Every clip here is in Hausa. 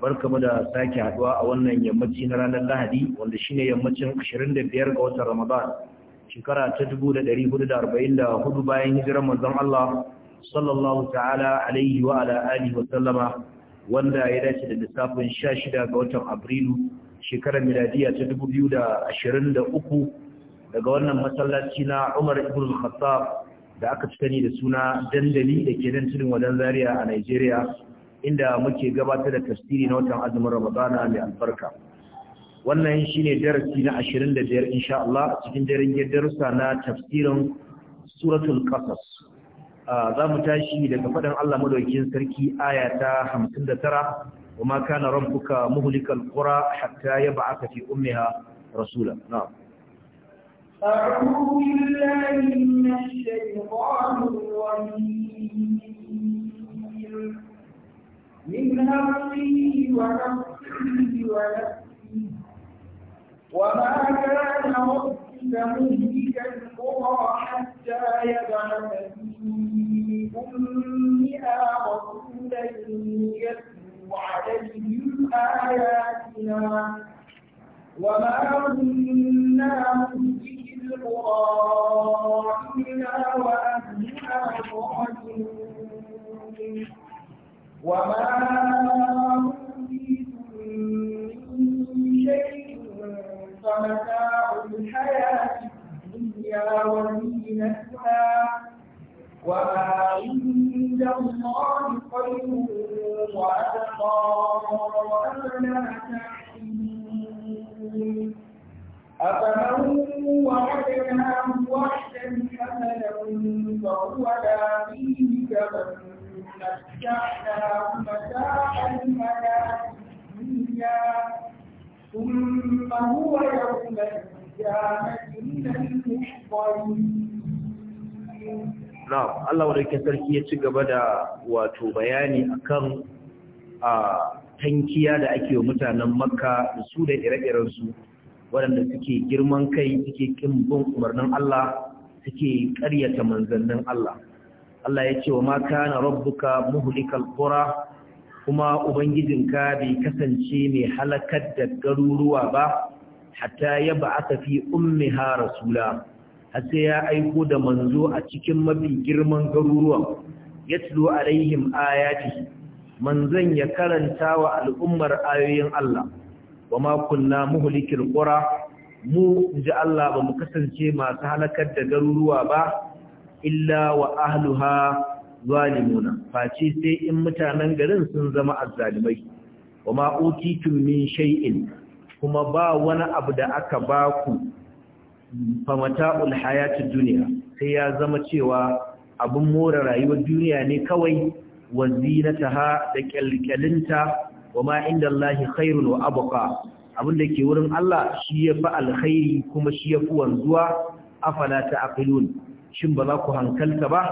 barkamu da sake haduwa a wannan yammaci na ranar Lahadi wanda shine yammacin 25 ga watan Ramadan shekara ta 1444 bayan hijirar manzon Allah sallallahu ta'ala alaihi wa ala alihi wa sallama wanda ya dace da lissafin 16 ga watan Afrilu shekarar miladiya ta 2023 daga wannan masallaci na Umar ibn al-Khattab da aka cika ni da suna dandali da ke nan tudun wadan Zaria a Nigeria inda muke gabatar da tafsiri na watan azumin Ramadana mai albarka wannan shine darasi na 25 insha Allah cikin daren darussa na tafsirin suratul qasas za mu tashi daga faɗin Allah madaukin sarki aya ta 59 وما كان ربك مهلك القرى حتى يبعث في أمها رسولا نعم أعوذ بالله من الشيطان الرجيم من همه ونفسه ونفسه وما كان ربك مهلك القرى حتى يبعث في أمها رسولا يتلو عليهم آياتنا وما كنا مهلك القرى ¡Gracias! متاع الحياة Na'am, Allah sarki ya ci gaba da wato bayani akan a tankiya da ake wa mutanen Makka da su da ire-iren su waɗanda suke girman kai suke kin bin umarnin Allah suke ƙaryata manzannin Allah. Allah ya ce wa ma na rabbuka muhulikal kura kuma ubangijinka bai kasance mai halakar da garuruwa ba hatta ya ba'atha fi ummiha rasula har sai ya aiko da manzo a cikin mafi girman garuruwan yatlu alaihim ayatihi manzon ya karanta wa al'ummar ayoyin Allah wa ma kunna kura qura mu ji Allah ba mu kasance masu halakar da garuruwa ba illa wa ahluha zalimuna face sai in mutanen garin sun zama azzalimai wa ma utitum min shay'in kuma ba wani abu da aka ba ku famata'ul hayatid dunya sai ya zama cewa abun more rayuwar duniya ne kawai wa zinataha da kyalkyalinta wama inda Allahi khairun wa abqa abin da ke wurin Allah shi yafi alkhairi kuma shi yafi wanzuwa afala ta'qilun shin ba za ku hankalta ba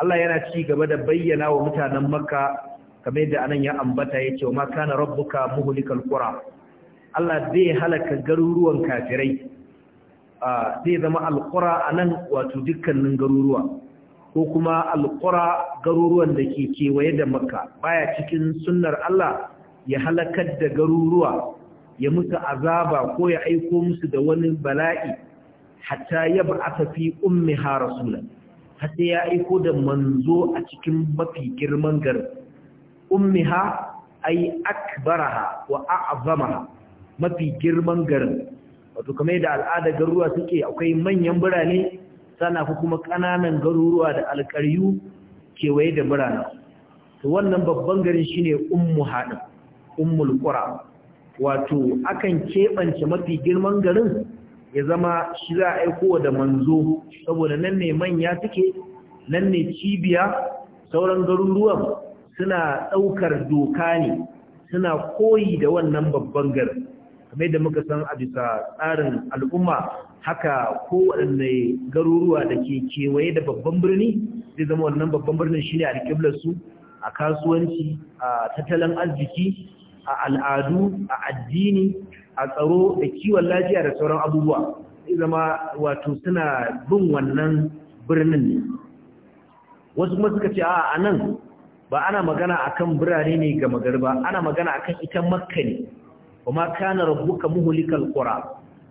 Allah yana ci gaba da bayyana wa mutanen makka kamar yadda anan ya ambata ya ce wa ma kana rabbuka muhlikal qura Allah zai halaka garuruwan kafirai zai zama alqura anan wato dukkanin garuruwa ko kuma alqura garuruwan da ke kewaye da makka baya cikin sunnar Allah ya halakar da garuruwa ya musu azaba ko ya aiko musu da wani bala'i hatta ya ba'atha fi ummiha ha har hatta ya aiko da manzo a cikin mafi girman garin ummiha ay akbaraha wa a'zamaha mafi girman garin wato kamar da al'ada garuruwa suke akwai manyan birane sana ku kuma kananan garuruwa da alƙaryu kewaye da birane to wannan babban garin shine ummu hada ummul qura wato akan keɓance mafi girman garin ya zama shi za a aiko da manzo saboda nan ne manya suke nan ne cibiya sauran garuruwan suna ɗaukar doka ne suna koyi da wannan babban garin kamar da muka san a bisa tsarin al'umma haka kowane garuruwa da ke kewaye da babban birni zai zama wannan babban birnin shi ne a su a kasuwanci a tattalin arziki a al'adu a addini a tsaro da kiwon lafiya da sauran abubuwa sai zama wato suna bin wannan birnin ne wasu kuma suka ce a nan ba ana magana akan birane ne ga magarba ana magana akan ita makka ne kuma kana rabbuka muhlikal qura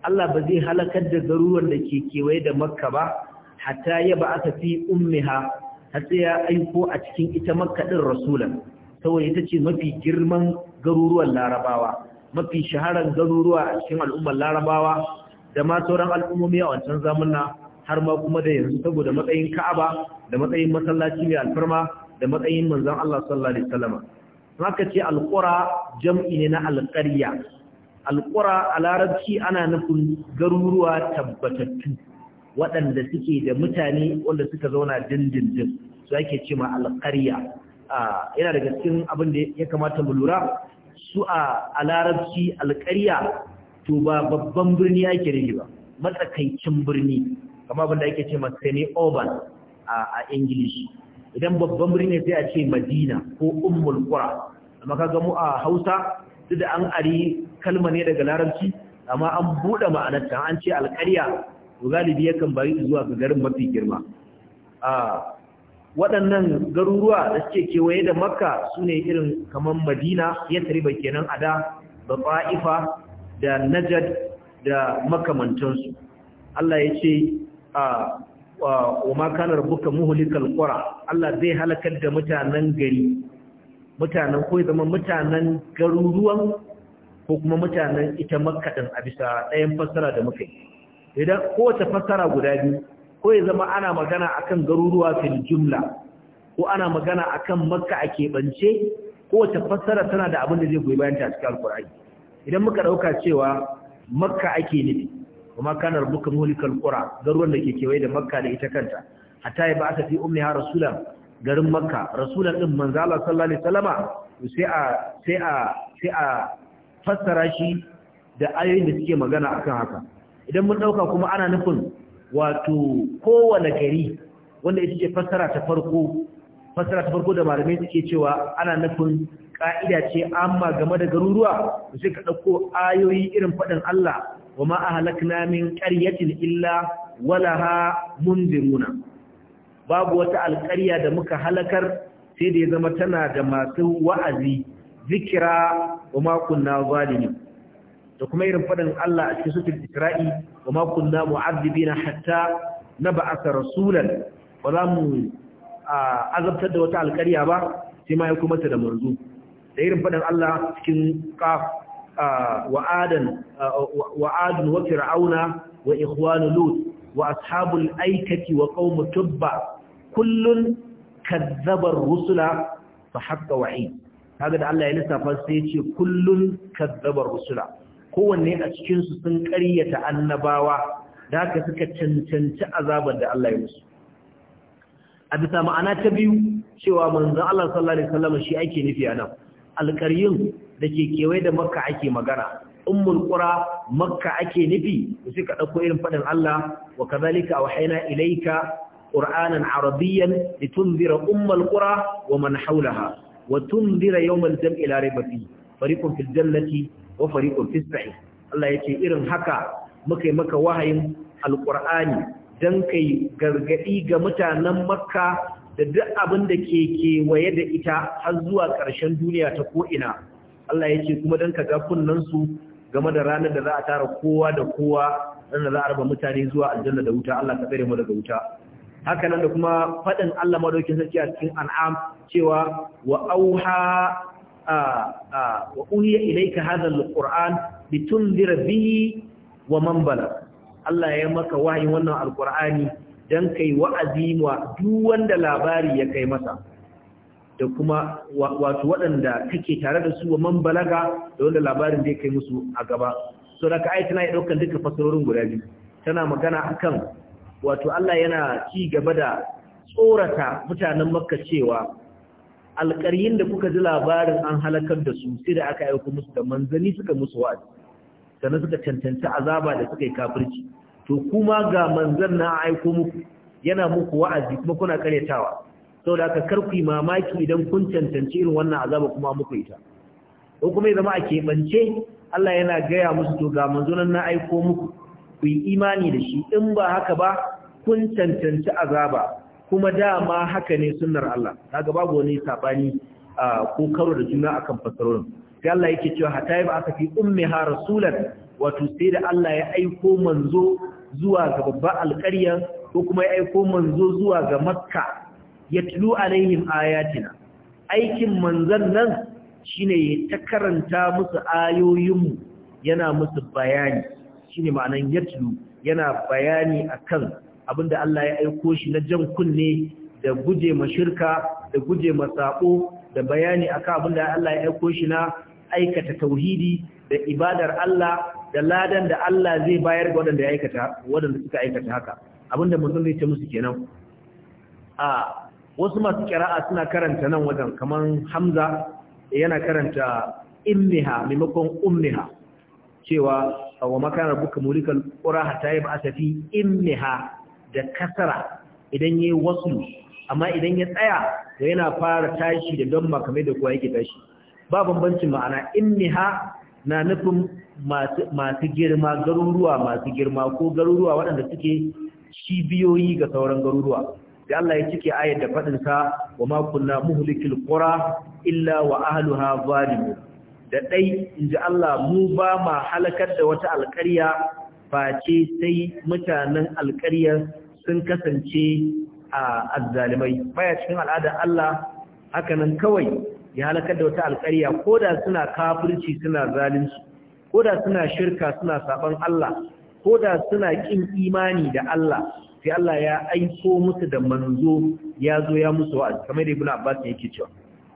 Allah ba zai halakar da garuruwan da ke kewaye da makka ba hatta ya ba aka fi ummiha hatta ya aiko a cikin ita makka din rasulan saboda ita ce mafi girman garuruwan larabawa mafi shaharar garuruwa a cikin al'ummar larabawa da ma sauran al'ummomi a wancan zamunna har ma kuma da yanzu saboda matsayin ka'aba da matsayin masallaci mai alfarma da matsayin manzon Allah sallallahu alaihi wasallam haka ce alqura jam'i ne na alqarya alqura a larabci ana nufin garuruwa tabbatattu waɗanda suke da mutane wanda suka zauna dindindin su ake ce ma alqarya ah, yana daga cikin abin da ya kamata mu lura su a larabci alƙariya to ba babban birni ake rigi ba matsakaicin birni kama abinda ake ce masani ne a ingilishi idan babban birni sai a ce madina ko umul kura amma ka mu a hausa duk da an ari kalma ne daga larabci amma an buɗe ma'anarta an ce alƙariya to galibi yakan bari zuwa ga garin mafi girma ah, waɗannan garuruwa da suke kewaye da makka su ne irin kamar madina ya tariba kenan a da da da najad da makamantansu Allah ya ce a wa makanar buka muhulikal kwara. Allah zai halakar da mutanen gari mutanen ko zama mutanen garuruwan ko kuma mutanen ita makka a bisa ɗayan fasara da muka yi idan kowace fasara guda biyu ko ya zama ana magana akan garuruwa fil jumla ko ana magana akan makka a keɓance ko wata fassara tana da abin da zai goyi bayan ta cikin alkur'ani idan muka ɗauka cewa makka ake nufi kuma kanar buka muhlikal qura garuruwan da ke kewaye da makka da ita kanta hatta ya ba aka fi ummi ha rasulan garin makka rasulan din manzo Allah sallallahu alaihi wasallama sai a sai a sai a fassara shi da ayoyin da suke magana akan haka idan mun dauka kuma ana nufin wato kowane gari wanda yake ce fassara ta farko fassara ta farko da malamai suke cewa ana nufin ka'ida ce amma game da garuruwa sai ka ɗauko ayoyi irin faɗin Allah wa ma ahlakna min qaryatin illa walaha mundiruna babu wata alƙarya da muka halakar sai da ya zama tana da masu wa'azi zikira wa ma kunna zalimin da kuma irin faɗin Allah a cikin sutul Isra'i wa ma kunna mu'adhibina hatta na rasulan ba za mu azabtar da wata alƙarya ba sai ma ya kuma ta da manzo da irin faɗin Allah cikin qaf wa wa adun wa fir'auna wa ikhwanu lut wa ashabul aikati wa qaum tubba kullun kazzabar rusula fa haqqa wa'id kaga da Allah ya lissafa sai ya ce kullun kazzabar rusula kowanne a cikinsu sun ƙaryata annabawa da haka suka cancanci azabar da Allah ya musu a bisa ma'ana ta biyu cewa manzon Allah sallallahu alaihi wasallam shi ake nufi a nan alƙaryun da ke kewaye da makka ake magana ummul makka ake nufi sai ka ɗauko irin faɗin Allah wa kadhalika awhayna ilaika qur'anan arabiyyan litunzira ummul qura wa man wa tunzira yawmal jam'i la rayba fihi fariqun fil jannati wa fariqul fista'i Allah yace irin haka muka maka wahayin alqur'ani dan kai gargadi ga mutanen makka da duk abin da ke kewaye da ita har zuwa ƙarshen duniya ta ko'ina Allah yace kuma dan ka ga kunnansu game da ranar da za a tara kowa da kowa dan za a raba mutane zuwa aljanna da wuta Allah ka tsare mu daga wuta haka da kuma faɗin Allah madaukin sarki a cikin an'am cewa wa auha wa uhiya ilayka hadha alquran litundira bihi wa man bala Allah ya maka wahayin wannan alqurani dan kai wa'azi wa duk wanda labari ya kai masa da kuma wato waɗanda kake tare da su wa man balaga da wanda labarin zai kai musu a gaba so da ka tana ya daukan duka fasarorin guda biyu tana magana akan wato Allah yana ci gaba da tsorata mutanen makka cewa alƙaryin da kuka ji labarin an halakar da su sai da aka aiko musu da manzani suka musu wa'azi sannan suka cancanci azaba da suka yi kafirci to kuma ga manzan na aiko muku yana muku wa'azi kuma kuna karyatawa saboda haka kar mamaki idan kun cancanci irin wannan azaba kuma muku ita ko kuma ya zama a keɓance Allah yana gaya musu to ga manzonan na aiko muku ku yi imani da shi in ba haka ba kun cancanci azaba kuma dama haka ne sunnar Allah kaga babu wani sabani ko karo da juna akan fasarorin sai Allah yake cewa hatta yi ba aka fi ha rasulan wato sai da Allah ya aiko manzo zuwa ga babban alƙarya ko kuma ya aiko manzo zuwa ga makka ya tulu alaihim ayatina aikin manzon nan shine ya ta karanta musu ayoyinmu yana musu bayani shine ma'anan ya yana bayani akan abinda Allah ya aiko shi na jan kunne da guje ma shirka da guje ma saƙo, da bayani akan abinda Allah ya aiko shi na aikata tauhidi da ibadar Allah da ladan da Allah zai bayar ga waɗanda ya aikata waɗanda suka aikata haka abinda mutum zai ce musu kenan a wasu masu kira'a suna karanta nan wajen kamar Hamza yana karanta immiha maimakon ummiha cewa wa makana buka mulikal qura hatta asafi immiha da kasara idan yayi waslu amma idan ya tsaya da yana fara tashi da don makamai da kowa yake tashi ba bambancin ma'ana inniha na nufin masu girma garuruwa masu girma ko garuruwa waɗanda suke cibiyoyi ga sauran garuruwa da Allah ya cike ayar da faɗinsa wa makunna muhlikil qura illa wa ahluha zalimun da dai inji Allah mu ba ma halakar da wata alƙarya face sai mutanen alƙaryar sun kasance a azzalimai baya cikin al'adar Allah hakanan kawai ya halakar da wata alƙarya ko da suna kafirci suna zalunci ko da suna shirka suna saban Allah ko da suna ƙin imani da Allah sai Allah ya aiko musu da manzo ya zo ya musu wa kamar da Ibn Abbas yake cewa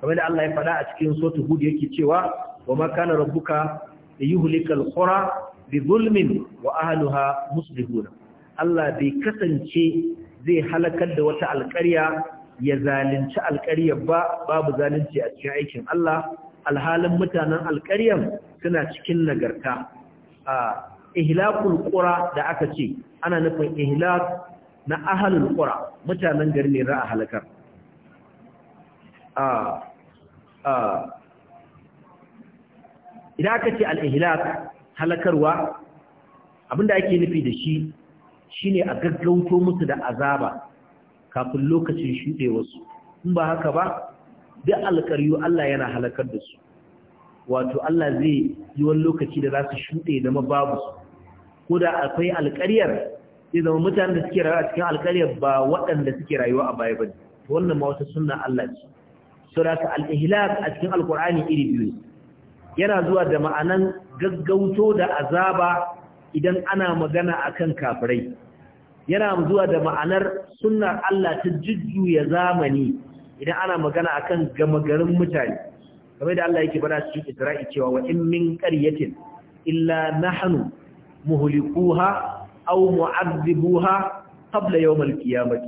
kamar da Allah ya faɗa a cikin sura Hud yake cewa wa makana rabbuka yuhlikal qura bi wa ahluha muslihuna Allah bai kasance zai halakar da wata alƙarya ya zalunci alƙaryar ba babu zalunci a cikin aikin Allah alhalin mutanen alƙaryar suna cikin nagarta a ihlakul qura da aka ce ana nufin ihlak na ahlul qura mutanen gari ne ra'a halakar idan aka ce al-ihlak halakarwa abinda ake nufi da shi shine a gaggauto musu da azaba kafin lokacin wasu. in ba haka ba duk alƙaryu Allah yana halakar da su wato Allah zai yi wani lokaci da za su shuɗe zama babu su ko da akwai alƙaryar zai zama mutanen da suke rayuwa a cikin alƙaryar ba waɗanda suke rayuwa a baya ba ne wannan ma wata sunna Allah ce saboda ka al ihlas a cikin alƙur'ani iri biyu yana zuwa da ma'anan gaggauto da azaba idan ana magana akan kafirai yana zuwa da ma'anar sunnar Allah ta jujjuya zamani idan ana magana akan gama mutane kamar da Allah yake bada cikin Isra'i cewa wa in min qaryatin illa nahnu muhlikuha aw mu'adhibuha qabla yawm al-qiyamah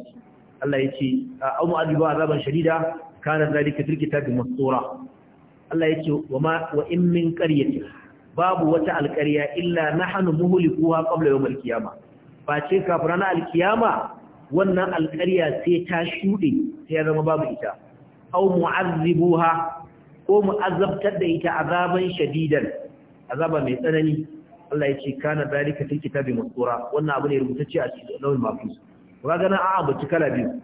Allah yace aw mu'adhibuha azaban shadida kana zalika fil kitabi mastura Allah ya ce wa ma wa in min babu wata alƙarya illa nahnu muhlikuha qabla yawm al-qiyama ba ce kafin na al-qiyama wannan alƙarya sai ta shude sai ya zama babu ita aw mu'azzibuha ko mu'azzabtar da ita azaban shadidan azaba mai tsanani Allah ya ce kana zalika fil kitabi masura wannan abu ne rubutacce a cikin lawul mafus kaga nan a'a bace kala biyu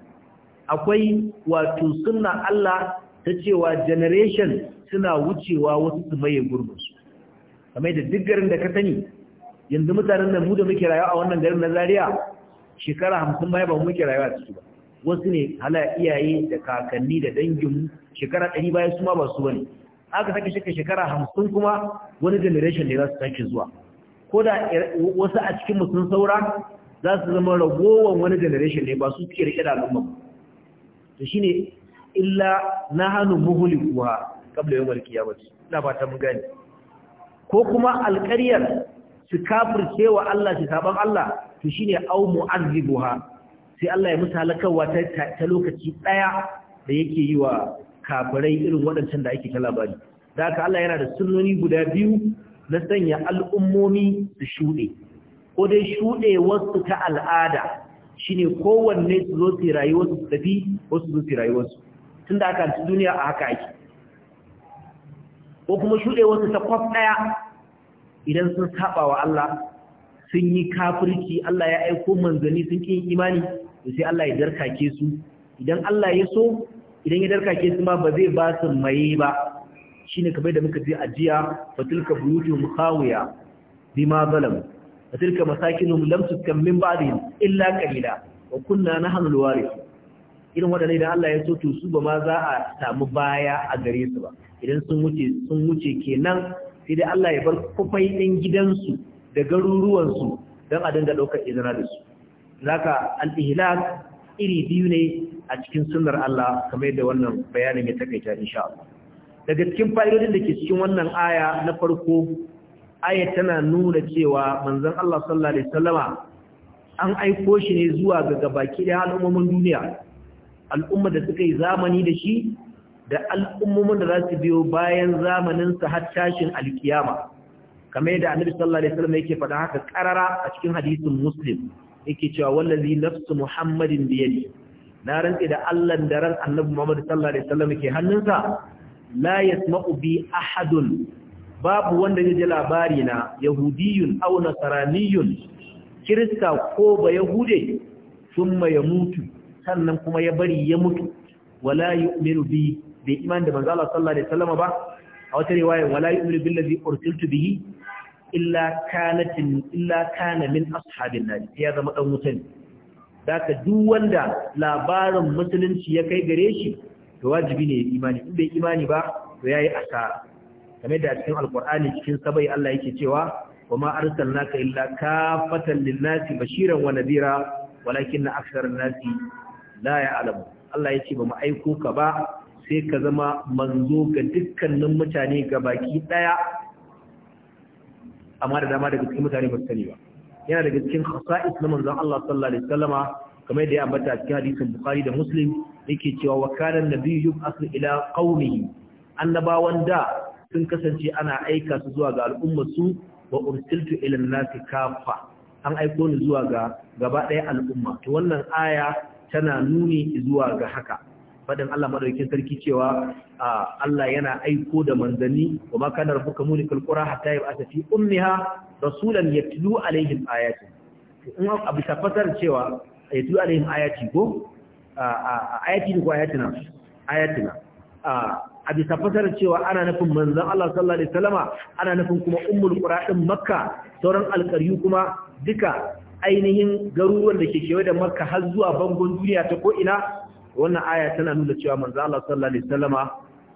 akwai wato sunna Allah ta cewa generation suna wucewa wasu su maye gurbinsu kamar da duk garin da ka sani yanzu mutanen nan mu da muke rayuwa a wannan garin na Zaria shekara hamsin baya ba muke rayuwa a ciki ba wasu ne hala iyaye da kakanni da dangin shekara ɗari baya su ma ba su bane aka sake shekara shekara hamsin kuma wani generation ne za su sake zuwa ko da wasu a cikin mu sun saura za su zama ragowan wani generation ne ba su suke riƙe da al'umma ba to shine illa nahanu muhlikuha kabla yawmal qiyamati ina fata mun gani. ko kuma alƙaryar su kafir cewa Allah su saban Allah to shine au ha sai Allah ya musa halakarwa ta, ta lokaci ɗaya da yake yi wa kafirai irin waɗancan da ake ta labari da haka Allah yana da sunnoni guda biyu na sanya al'ummomi da shuɗe ko dai shuɗe wasu ta al'ada shine kowanne su zo su rayuwarsu su tafi wasu zo su rayuwarsu tun da aka duniya a haka ake ko kuma shuɗewarsu ta kwaf ɗaya idan sun saba wa Allah sun yi kafirci Allah ya aiko manzani sun ƙin imani to sai Allah ya darkake su idan Allah ya so idan ya darkake su ma ba zai ba su maye ba shine kamar da muka ji a jiya fatilka buyutu mukhawiya bima zalam fatilka masakinuhum lam tukam min ba'dihim illa qalila wa kunna nahnu al irin waɗannan idan Allah ya so to su ba ma za a samu baya a gare su ba idan sun wuce sun wuce kenan sai dai Allah ya bar kufai ɗin gidansu da garuruwansu don a dinga ɗaukar izina da su zaka al-ihlal iri biyu ne a cikin sunnar Allah kamar yadda wannan bayanin ya takaita insha Allah daga cikin fa'idodin da ke cikin wannan aya na farko aya tana nuna cewa manzon Allah sallallahu alaihi wasallama an aiko shi ne zuwa ga gabaki da al'ummomin duniya al'umma da suka yi zamani da shi da al'ummomin da za su biyo bayan zamaninsa har tashin alkiyama kamar yadda annabi sallallahu alaihi wasallam yake faɗa haka karara a cikin hadisin muslim yake cewa wallazi nafsu muhammadin biyadi na rantsi da Allah da ran annabi Muhammad sallallahu alaihi wasallam yake hannunsa la yasma'u bi ahadun babu wanda zai ji labari na yahudiyun aw nasaraniyun kirista ko ba yahude thumma yamutu sannan kuma ya bari ya mutu wala yu'minu bi bai iman da manzo Allah sallallahu alaihi wasallam ba a wata riwaya wala yu'minu billazi ursiltu bihi illa kanat illa kana min ashabin nar ya zama dan wutan daka duk wanda labarin musulunci ya kai gare shi to wajibi ne ya imani in bai imani ba to yayi asara kamar da cikin alqur'ani cikin sabai Allah yake cewa wama arsalnaka illa kafatan lin-nasi bashiran wa nadhira walakin aktsarun nasi la alamu. Allah yace ba mu aiko ka ba sai ka zama manzo ga dukkanin mutane ga baki daya amma da dama daga cikin mutane ba su sani ba yana daga cikin khasa'is na manzon Allah sallallahu alaihi wasallama kamar da ya ambata cikin hadisin Bukhari da Muslim yake cewa wa kana nabiyyu yub'athu ila qaumihi annabawan da sun kasance ana aika su zuwa ga su wa ursiltu ila an aiko ni zuwa ga gaba daya al'umma to wannan aya tana nuni zuwa ga haka fadin Allah madaukakin sarki cewa Allah yana aiko da manzanni kuma kana rubuka muni qura hatta yab'atha fi ummiha rasulan yatlu alaihim ayati in a bisa fasar cewa yatlu alaihim ayati ko ayati ko ayatina ayatina a bisa fasar cewa ana nufin manzan Allah sallallahu alaihi wasallama ana nufin kuma ummul qura din makka sauran alqaryu kuma duka ainihin garuruwan da ke kewaye da Makka har zuwa bangon duniya ta ko'ina wannan aya tana nuna cewa manzo Allah sallallahu alaihi wasallama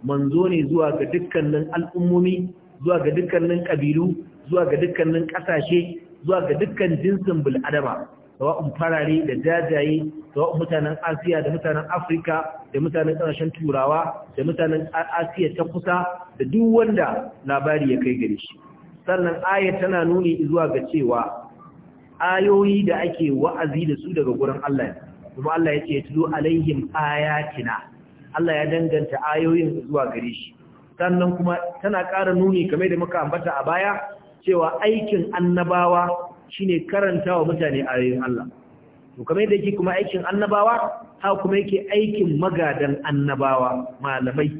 manzo ne zuwa ga dukkanin al'ummomi zuwa ga dukkanin kabilu zuwa ga dukkanin kasashe zuwa ga dukkan jinsin bil'adama sawa'un farare da jajaye sawa'un mutanen Asiya da mutanen Afirka da mutanen ƙarshen Turawa da mutanen Asiya ta kusa da duk wanda labari ya kai gare shi sannan aya tana nuni zuwa ga cewa ayoyi da ake wa'azi da su daga gurin Allah kuma Allah ya ce ya tulo alaihim ayatina Allah ya danganta ayoyin zuwa gare shi sannan kuma tana ƙara nuni kamar da muka ambata a baya cewa aikin annabawa shine karanta wa mutane ayoyin Allah to kamar da yake kuma aikin annabawa ha kuma yake aikin magadan annabawa malamai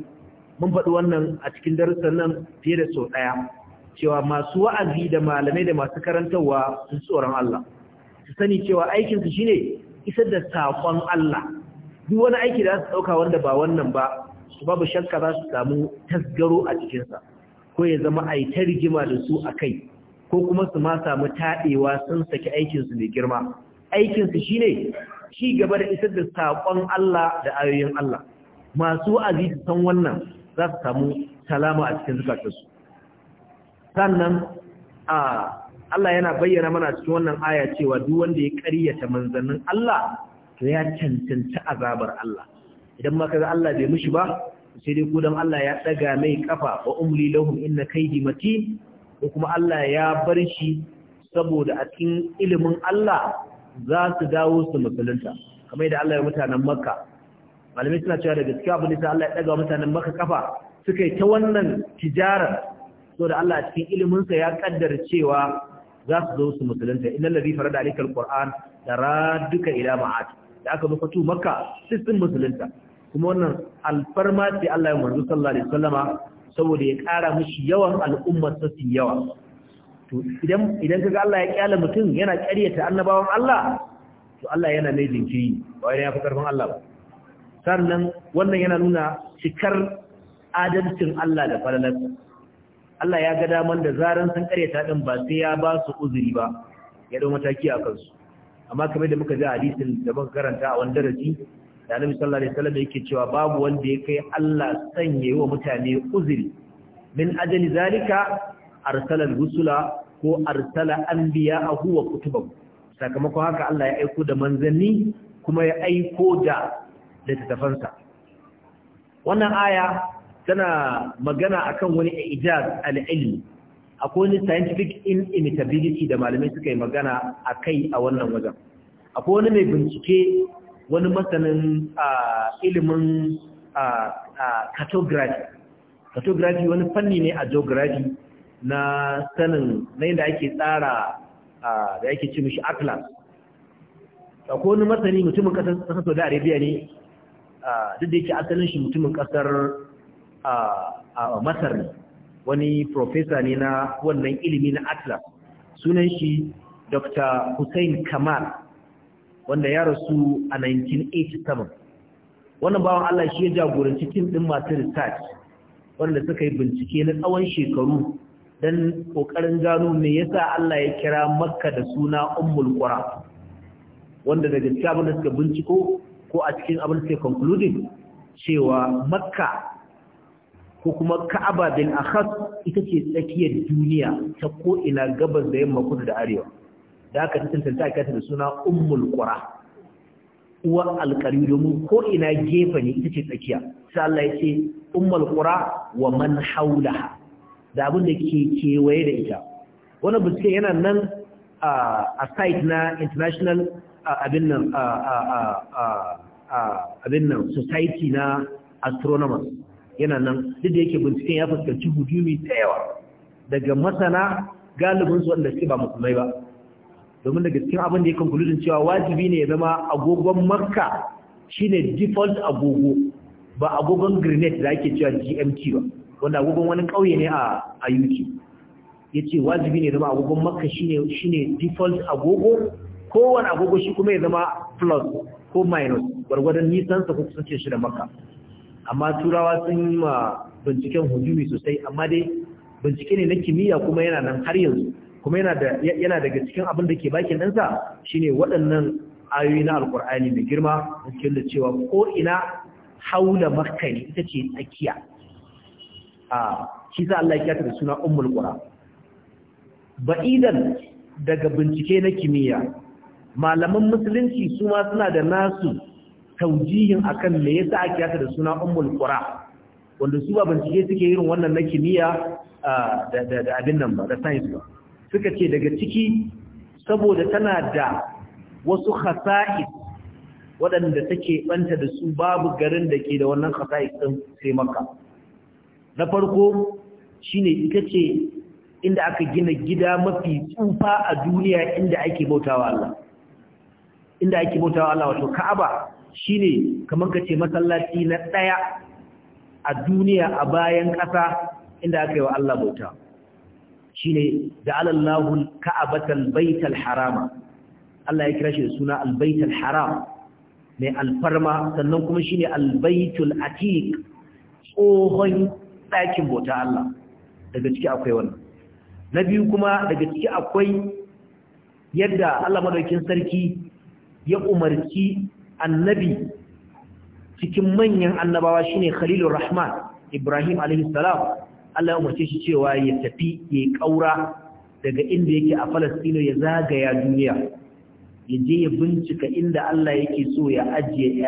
mun faɗi wannan a cikin darussan nan fiye da sau ɗaya cewa masu wa'azi da malamai da masu karantarwa su tsoron Allah su sani cewa aikinsu shine isar da saƙon Allah duk wani aiki da za su ɗauka wanda ba wannan ba su babu shakka za su samu tasgaro a cikinsa ko ya zama a ta rigima da su a kai ko kuma su ma samu taɗewa sun saki aikinsu mai girma aikinsu shine ci gaba da isar da saƙon Allah da ayoyin Allah masu wa'azi su san wannan za su samu salama a cikin zukatarsu sannan a Allah yana bayyana mana cikin wannan aya cewa duk wanda ya ƙaryata manzannin Allah to ya cancanta azabar Allah idan ma kaga Allah bai mishi ba sai dai ko Allah ya daga mai kafa wa umli lahum inna kaydi matin ko kuma Allah ya bar shi saboda a cikin ilimin Allah za su dawo su musulunta kamar da Allah ya mutanen Makka malamai suna cewa da gaskiya abin da Allah ya daga mutanen Makka kafa suka yi ta wannan tijarar so da Allah cikin iliminsa ya kaddara cewa za su zo su musulunta innal ladhi farada alayka alquran taraduka ila ma'at da aka zo fatu makka sun musulunta kuma wannan alfarma ce Allah ya manzo sallallahu alaihi wasallama saboda ya ƙara mishi yawan al'ummar sa yawa to idan idan kaga Allah ya kyale mutum yana ƙaryata annabawan Allah to Allah yana mai jinkiri ba ya fi karfin Allah ba sannan wannan yana nuna cikar adalcin Allah da falalarsa Allah ya ga daman da zaran sun karyata din ba sai ya ba su uzuri ba ya dau mataki a kansu amma kamar da muka ji hadisin da muka karanta a wannan darasi da Annabi sallallahu alaihi wasallam yake cewa babu wanda ya kai Allah sanye wa mutane uzuri min ajali zalika arsala rusula ko arsala a kuwa kutubahu sakamakon haka Allah ya aiko da manzanni kuma ya aiko da littattafansa wannan aya tana magana akan wani ijaz al-ilmi akwai wani scientific inimitability da malamai suka yi magana a kai a wannan wajen akwai wani mai bincike wani masanin ilimin cartography cartography wani fanni ne a geography na sanin na yadda ake tsara da ake ce mishi atlas akwai wani masani mutumin kasar saudi arabia ne duk da yake asalin shi mutumin kasar a masar wani profesa ne na wannan ilimi na atlas sunan shi dr hussein kamal wanda ya rasu a 1987 wannan bawan allah shi ya jagoranci tim ɗin masu research wanda suka yi bincike na tsawon shekaru don ƙoƙarin gano me yasa Allah ya kira makka da suna ummul qura wanda daga cikin abin da suka binciko ko a cikin abin da suka concluding cewa makka ko kuma ka'aba bin akhas ita ce tsakiyar duniya ta ko ina gabas da yamma kudu da arewa da aka ta tantance aka da suna ummul qura uwa alqari domin ko ina gefe ne ita ce tsakiya sai Allah ya ce ummul qura wa man hawlaha da abin da ke kewaye da ita wannan bincike yana nan a site na international abin nan abin nan society na astronomers yana nan duk da yake binciken ya fuskanci hujumi ta yawa daga masana galibin su wanda suke ba musulmai ba domin daga cikin abin da ya konkludin cewa wajibi ne ya zama agogon makka shine default agogo ba agogon grenade da ake cewa gmt ba wanda agogon wani kauye ne a a uk ya ce wajibi ne ya zama agogon makka shine ne default agogo kowane agogo shi kuma ya zama plus ko minus gwargwadon nisansa ko kusance shi da makka amma turawa sun yi ma binciken hujumi sosai amma dai bincike ne na kimiyya kuma yana nan har yanzu kuma yana daga cikin abin da ke bakin ɗansa shine waɗannan ayoyi na alkur'ani mai girma cikin da cewa ko ina haula makka ita ce tsakiya a shi sa Allah ya kiyata suna ummul qura ba'idan daga bincike na kimiyya malaman musulunci su ma suna da nasu taujihin akan me yasa ake yata da suna ummul qura wanda su ba bincike suke irin wannan na kimiyya da abin nan ba da science ba suka ce daga ciki saboda tana da wasu khasa'is waɗanda take banta da su babu garin da ke da wannan khasa'is din sai makka na farko shine ita ce inda aka gina gida mafi tsufa a duniya inda ake bautawa Allah inda ake bautawa Allah wato Ka'aba shine kamar ka ce masallaci na ɗaya a duniya a bayan ƙasa inda aka yi wa Allah bauta ne da alallahu ka'abatal baital harama Allah ya kira shi da suna albaitar haram mai alfarma sannan kuma shine albaitul atiq tsohon ɗakin bauta Allah daga ciki akwai wannan na biyu kuma daga ciki akwai yadda Allah madaukin sarki ya umarci annabi cikin manyan annabawa shine khalilur rahman ibrahim alaihi salam Allah ya umarce shi cewa ya tafi ya kaura daga inda yake a Falastino ya zagaya duniya ya je ya bincika inda Allah yake so ya ajiye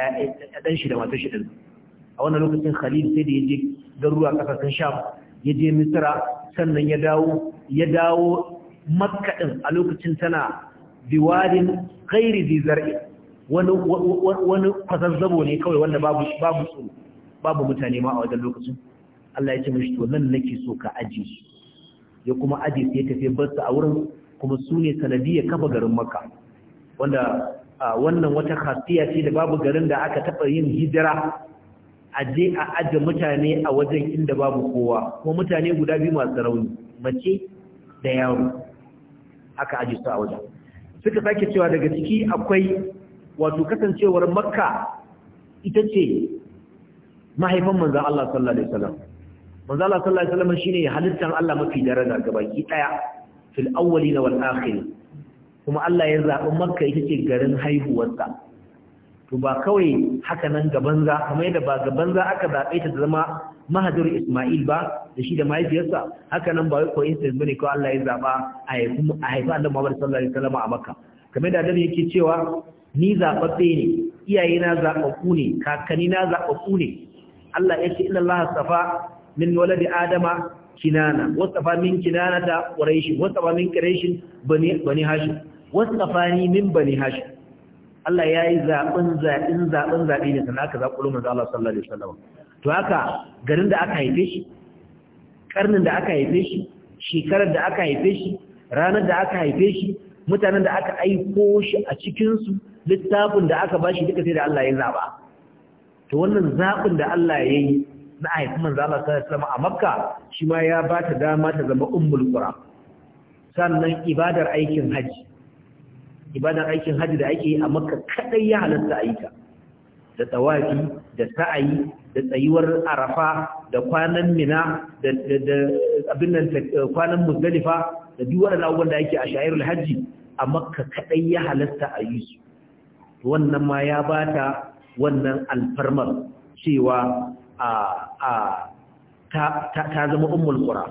ɗan shi da matar shi din a wannan lokacin Khalil sai da ya je garuruwa ƙasashen Sham ya je Misra sannan ya dawo ya dawo Makka ɗin a lokacin tana biwarin ghairi zizar'i wani wani zabo ne kawai wanda babu tsoro babu mutane ma a wajen lokacin Allah ya ce mashi to nan nake so ka aji su ya kuma aje su tafi bar su a wurin kuma su ne sanadiyar kafa garin maka. wanda wannan wata khasiya ce da babu garin da aka taɓa yin hijira a je a aje mutane a wajen inda babu kowa kuma mutane guda biyu masu rauni mace da yaro aka aje su a wajen suka sake cewa daga ciki akwai wato kasancewar makka ita ce mahaifan manzan Allah sallallahu alaihi wasallam manzan Allah sallallahu alaihi wasallam shine halittar Allah mafi daraja gabaki daya fil awwalin wal akhirin kuma Allah ya zaɓi makka ita ce garin haihuwarsa to ba kawai haka nan gaban za kamar yadda ba gaban za aka zaɓe ta zama mahajar Ismail ba da shi da mahaifiyarsa haka nan ba wai ko instance bane ko Allah ya zaɓa a haifa a haifi Annabi Muhammad sallallahu alaihi wasallam a Makka kamar da Annabi yake cewa ni zaɓaɓɓe ne iyayena zaɓaɓɓu ne kakannina zaɓaɓɓu ne Allah ya ce inna Allah safa min waladi adama kinana wasafa min kinana ta quraishi wasafa min quraishi bani bani hashim wasafani min bani hashim Allah ya yi zaɓin zaɓin zaɓin zaɓi ne sannan aka zaɓulo manzo Allah sallallahu alaihi wasallam to haka garin da aka haife shi karnin da aka haife shi shekarar da aka haife shi ranar da aka haife shi mutanen da aka aiko shi a cikinsu littafin da aka bashi duka sai da Allah ya zaba to wannan zabin da Allah ya yi na aiki manzo Allah sallallahu alaihi wasallam a Makka shi ma ya ba ta dama ta zama ummul qura sannan ibadar aikin haji ibadar aikin haji da ake yi a Makka kadai ya halatta ayyuka da tawafi da sa'ayi da tsayuwar arafa da kwanan mina da abin nan eh, kwanan muzdalifa da duk waɗannan abubuwan da yake a sha'irul hajji a makka kadai ya halatta a yi su wannan ma ya bata wannan alfarmar cewa ta zama ummul qura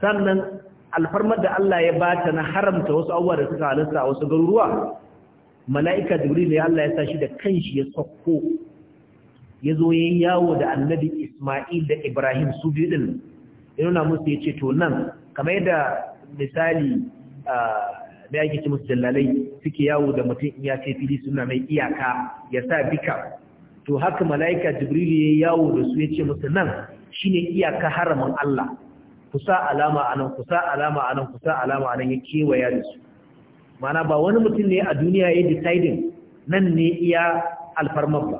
sannan alfarmar da Allah ya bata na haramta wasu abubuwa da suka halitta wasu garuruwa mala'ika jibril ne Allah ya tashi da kanshi ya sakko ya zo yayin yawo da annabi Isma'il da Ibrahim su biyu din ya nuna musu ya ce to nan kamar yadda misali mai ake ci musu dallalai suke yawo da mutum ya ce fili suna mai iyaka ya sa bika to haka mala'ika jibrilu ya yawo da su ya ce musu nan shine iyaka haramin Allah Kusa sa alama anan ku sa alama anan ku sa alama anan ya kewaya da su mana ba wani mutum ne a duniya ya deciding nan ne iya alfarmar ba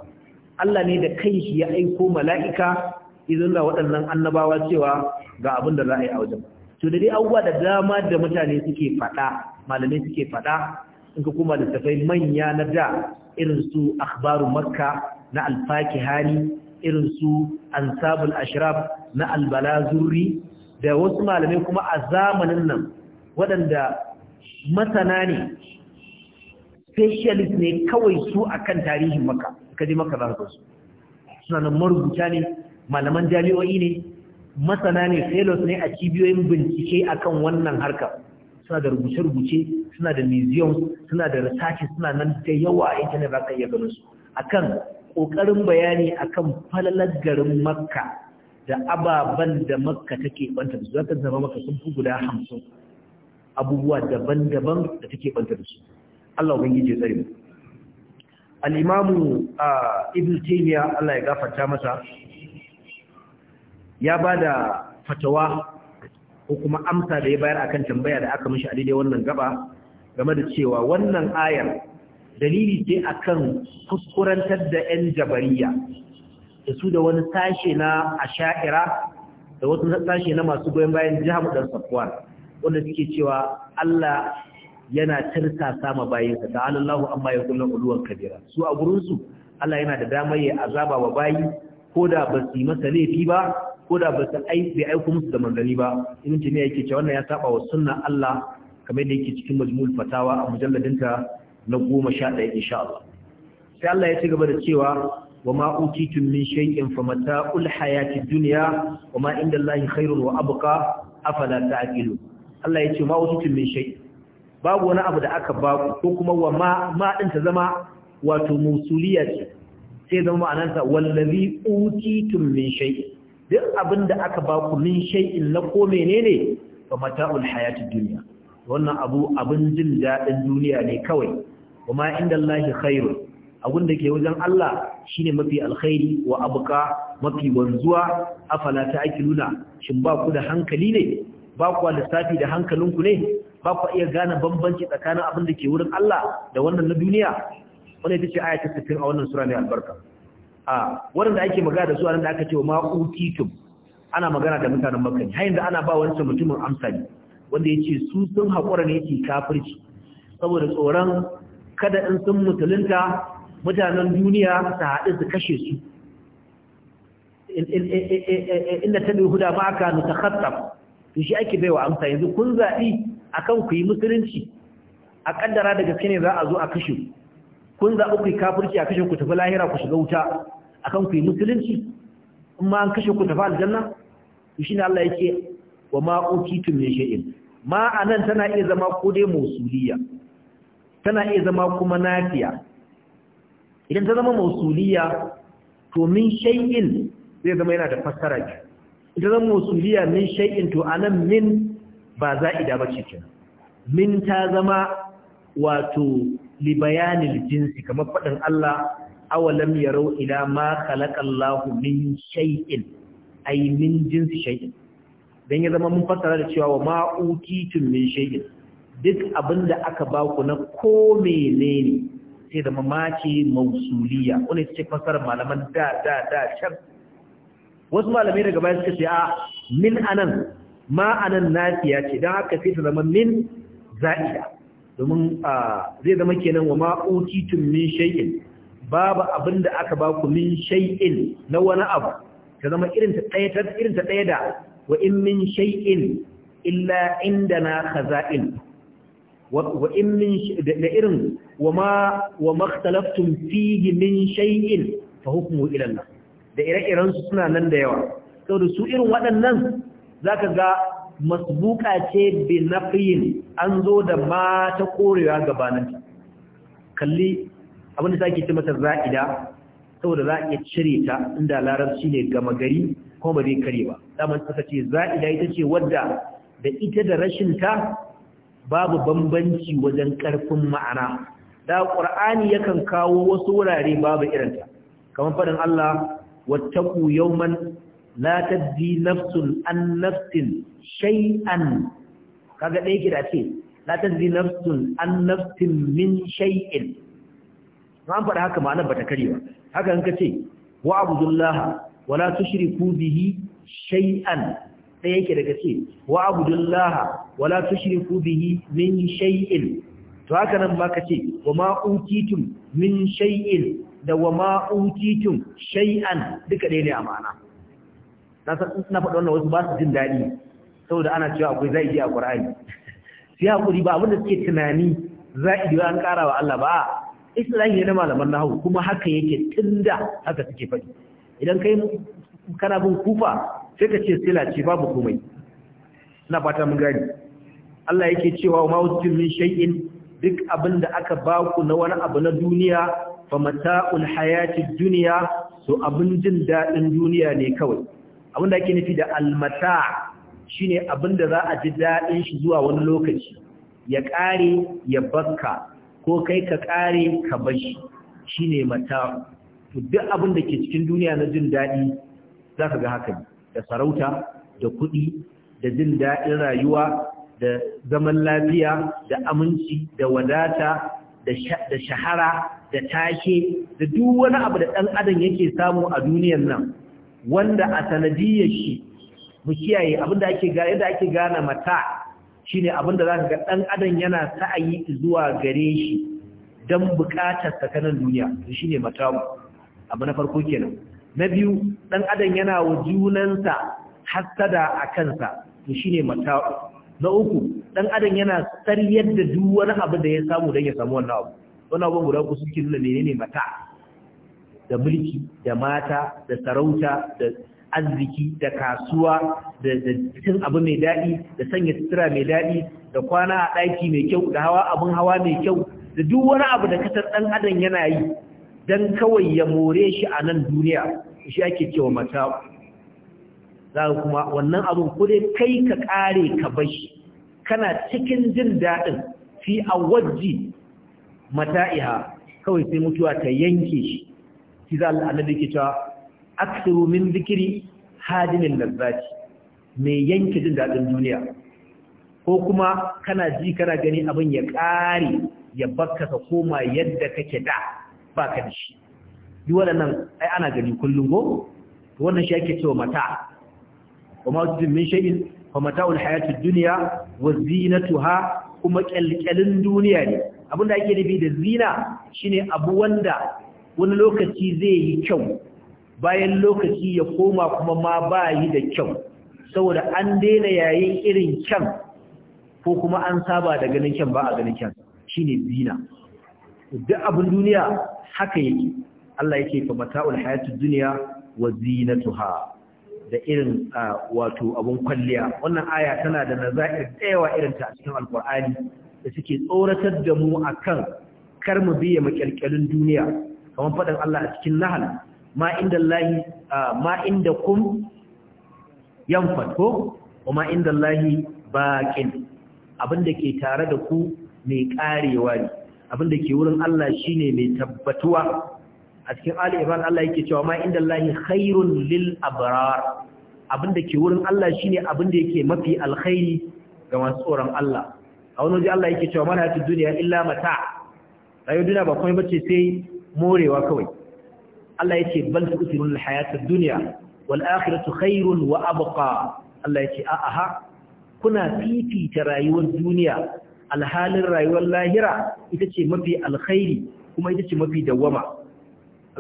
Allah ne da kanshi ya aiko mala'ika idan da waɗannan annabawa cewa ga abin da za a yi a wajen. To da dai abubuwa da dama da mutane suke faɗa malamai suke faɗa in ka kuma littafai manya na da irin su akhbaru makka na alfakihani irin su ansabul ashraf na albalazuri da wasu malamai kuma a zamanin nan waɗanda masana ne specialist ne kawai su akan tarihin ka ji makka za su su suna nan marubuta ne malaman jami'o'i ne masana ne fellows ne a cibiyoyin bincike akan wannan harkar. suna da rubuce-rubuce suna da museum suna da research suna nan da yawa a intanet ba ka iya ganin su akan kokarin bayani akan falalar garin makka da ababen da makka take banta da su za zama maka sun fi guda hamsin abubuwa daban-daban da take banta da su Allah ubangiji ya tsare mu al'imamu ibn taymiya Allah ya gafarta masa ya bada fatawa ko kuma amsa da ya bayar akan tambaya da aka mishi a daidai wannan gaba game da cewa wannan ayar dalili ce akan kuskurantar da 'yan jabariya da su da wani sashe na asha'ira da wasu sashe na masu goyon bayan jihar dan safuwa wanda suke cewa Allah yana tarsa sama bayinsa ta'ala amma ya kullu uluwan kabira su a gurinsu Allah yana da damar ya azaba wa bayi ko da ba su yi masa laifi ba ko da ba san ai bai aiko musu da manzanni ba ibn taymiya yake cewa wannan ya saba wa sunna Allah kamar da yake cikin majmul fatawa a ta na 11 insha Allah sai Allah ya ci gaba da cewa wa ma utitum min shay'in famata'ul hayatid dunya wa ma inda Allah khairun wa abqa afala ta'qilun Allah ya ce ma utitum min shay babu wani abu da aka ba ko kuma wa ma ma din ta zama wato musuliya ce sai zama ma'anarsa wallazi utitum min shay'in duk abin da aka ba ku min shay'in na ko menene fa mata'ul hayatid dunya wannan abu abin jin dadin duniya ne kawai kuma inda Allahi khairu abin da ke wajen Allah shine mafi alkhairi wa abqa mafi wanzuwa afala ta'qiluna shin ba ku da hankali ne ba ku lissafi da hankalinku ne ba ku iya gane bambanci tsakanin abin da ke wurin Allah da wannan na duniya wannan ita ce aya ta 60 a wannan sura mai albarka a waɗanda ake magana da su a nan da aka ce wa ma'utitum ana magana da mutanen makani, ne da ana ba wancan mutumin amsa wanda ya ce su sun haƙura ne yake kafirci saboda tsoron kada in sun musulunta mutanen duniya su haɗu su kashe su inda ta huda ba aka nutakhattab to shi ake baiwa amsa yanzu kun zaɓi akan ku yi musulunci a ƙaddara da gaske ne za a zo a kashe ku kun zaɓi ku yi kafirci a kashe ku tafi lahira ku shiga wuta akan ku yi musulunci in ma an kashe ku tafi aljanna to shine Allah yake wa ma utitu min shay'in ma anan tana iya zama ko dai mausuliya tana iya zama kuma nafiya idan ta zama mausuliya to min shay'in zai zama yana da fassara ki idan zama mausuliya min shay'in to anan min ba za'ida ba ce kenan min ta zama wato li bayanil jinsi kamar fadin Allah awalam yaro ila ma khalaqallahu min shay'in ay min jinsi shay'in dan ya zama mun fassara da cewa ma utitun min shay'in duk abinda aka ba ku na ko menene sai da mamaki mausuliya wani ce fassarar malaman da da da can wasu malamai daga baya suka ce a min anan ma anan nafiya ce dan haka sai ta zama min za'ida domin ah, zai zama kenan wa utitun min shay'in babu abin da aka ba ku min shay'in na wani abu ta zama irin ta ɗaya ta irin ɗaya da wa in min shay'in illa indana khaza'in wa in min da irin wa ma wa makhtalaftum fihi min shay'in fa hukmu ila Allah da ire-iren su suna nan da yawa saboda su irin waɗannan zaka ga masbuka ce bi nafiyin an zo da ma ta korewa gabanin kalli abinda da ake ce mata za'ida saboda za a iya cire ta inda larabci ne gama gari kuma ba zai kare ba daman suka ce za'ida ita ce wadda da ita da rashin ta babu bambanci wajen karfin ma'ana da qur'ani yakan kawo wasu wurare babu irinta kamar fadin Allah wattaqu yawman la tadzi nafsun an nafsin shay'an kaga dai kira ce la tadzi nafsun an nafsin min shay'in an faɗa haka ma'anar bata kare ba haka in ka ce wa abudullah wala tushriku bihi shay'an sai yake daga ce wa abudullah wala tushriku bihi min shay'in to haka nan ma ka ce wa ma utitum min shay'in da wa ma utitum shay'an duka ɗaya ne a ma'ana na san na faɗa wannan wasu ba su jin daɗi saboda ana cewa akwai zai a Qur'ani sai hakuri ba abinda suke tunani zai an ƙara wa Allah ba islahi ne na malaman nahawu kuma haka yake tunda haka suke faɗi idan kai kana bin kufa sai ka ce sila ce babu komai ina fata mun gani Allah yake cewa ma wutum min shay'in duk abinda aka baku na wani abu na duniya fa mata'ul hayatid dunya so abin jin dadin duniya ne kawai Abin da ake nufi da almata shine abin da za a ji dadin shi zuwa wani lokaci ya kare ya bakka ko kai ka ƙare ka bashi shi ne mata duk abin da ke cikin duniya na jin daɗi za ka ga haka ne da sarauta da kuɗi da jin daɗin rayuwa da zaman lafiya da aminci da wadata da shahara da tashe da duk wani abu da ɗan adam yake samu a duniyan nan wanda a sanadiyar shi mu kiyaye abinda ake ake gane mata shine abin da ka ga ɗan adam yana sa'ayi zuwa gare shi don buƙatar sa kanan duniya to ne matamu abu na farko kenan na biyu ɗan adam yana wa junansa hassada a kansa to ne matamu na uku ɗan adam yana sariyar da duk wani abu da ya samu don ya samu wannan abu wannan abu guda ku suke nuna menene mata da mulki da mata da sarauta da arziki da kasuwa da cin abu mai daɗi da sanya sutura mai daɗi da kwana a ɗaki mai kyau da hawa abin hawa mai kyau da duk wani abu da kasar ɗan adam yana yi don kawai ya more shi a nan duniya shi ake cewa mata za kuma wannan abin ko dai kai ka ƙare ka bashi kana cikin jin daɗin fi a wajji mata'iha kawai sai mutuwa ta yanke shi shi za annabi ke cewa aksiru min zikiri hadinin lazzati mai yanke jin daɗin duniya ko kuma kana ji kana gani abin ya ƙare ya bakka ka koma yadda kake da ba da shi duk waɗannan ai ana gani kullum go wannan shi ake cewa mata wa ma min shay'in fa mata'ul hayatid dunya wa zinatuha kuma kyalkyalin duniya ne abinda ake nufi da zina shine abu wanda wani lokaci zai yi kyau bayan lokaci ya koma kuma ma ba yi da kyau saboda an daina yayin irin kyan ko kuma an saba da ganin kyan ba a ganin kyan shine zina duk abin duniya haka yake Allah yake fa mata'ul hayatud dunya wa zinatuha da irin wato abun kwalliya wannan aya tana da da tsayawa irin ta cikin alqur'ani da suke tsoratar da mu akan kar mu biye makyalkyalin duniya kamar fadan Allah a cikin nahal ma inda Allahi ma inda kun yanfat ko ma inda Allahi baqin abinda ke tare da ku mai karewa ne abinda ke wurin Allah shine mai tabbatuwa a cikin Ali Imran Allah yake cewa ma inda Allahi khairun lil abrar abinda ke wurin Allah shine abinda yake mafi alkhairi ga masu tsoron Allah a wani waje Allah yake cewa mana ta duniya illa mata rayuwar duniya ba kuma bace sai morewa kawai Allah ya ce bal tu'thirun al-hayata ad-dunya wal akhiratu khairun wa abqa Allah ya ce a aha kuna fifita rayuwar duniya alhalin rayuwar lahira ita ce mafi alkhairi kuma ita ce mafi dawama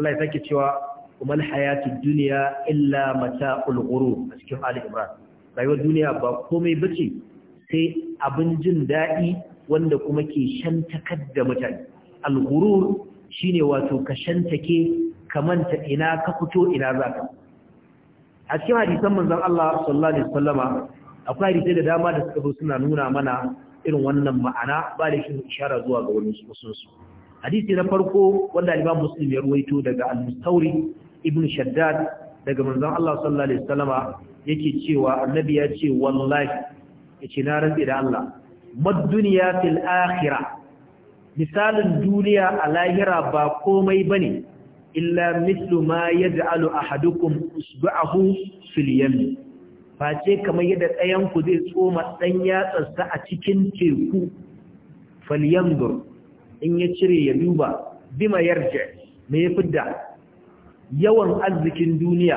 Allah ya sake cewa kumal hayatud dunya illa mata'ul ghurur a cikin Ali Imran rayuwar duniya ba komai bace sai abin jin dadi wanda kuma ke shantakar da mutane al-ghurur shine wato ka shantake manta ina ka fito ina za ka a cikin hadisan manzon Allah sallallahu alaihi wasallama akwai hadisai da dama da suka zo suna nuna mana irin wannan ma'ana ba da shi ishara zuwa ga wani su hadisi na farko wanda al-Imam Muslim ya ruwaito daga Al-Mustawri Ibn Shaddad daga manzon Allah sallallahu alaihi wasallama yake cewa annabi ya ce wallahi yace na rantsi da Allah mad duniya fil akhirah misalin duniya a lahira ba komai bane illa mislu ma yaj'alu ahadukum usba'ahu fil yam face kamar yadda ɗayan ku zai tsoma dan yatsarsa a cikin teku falyanzur in ya cire ya duba bima yarja me ya fidda yawan arzikin duniya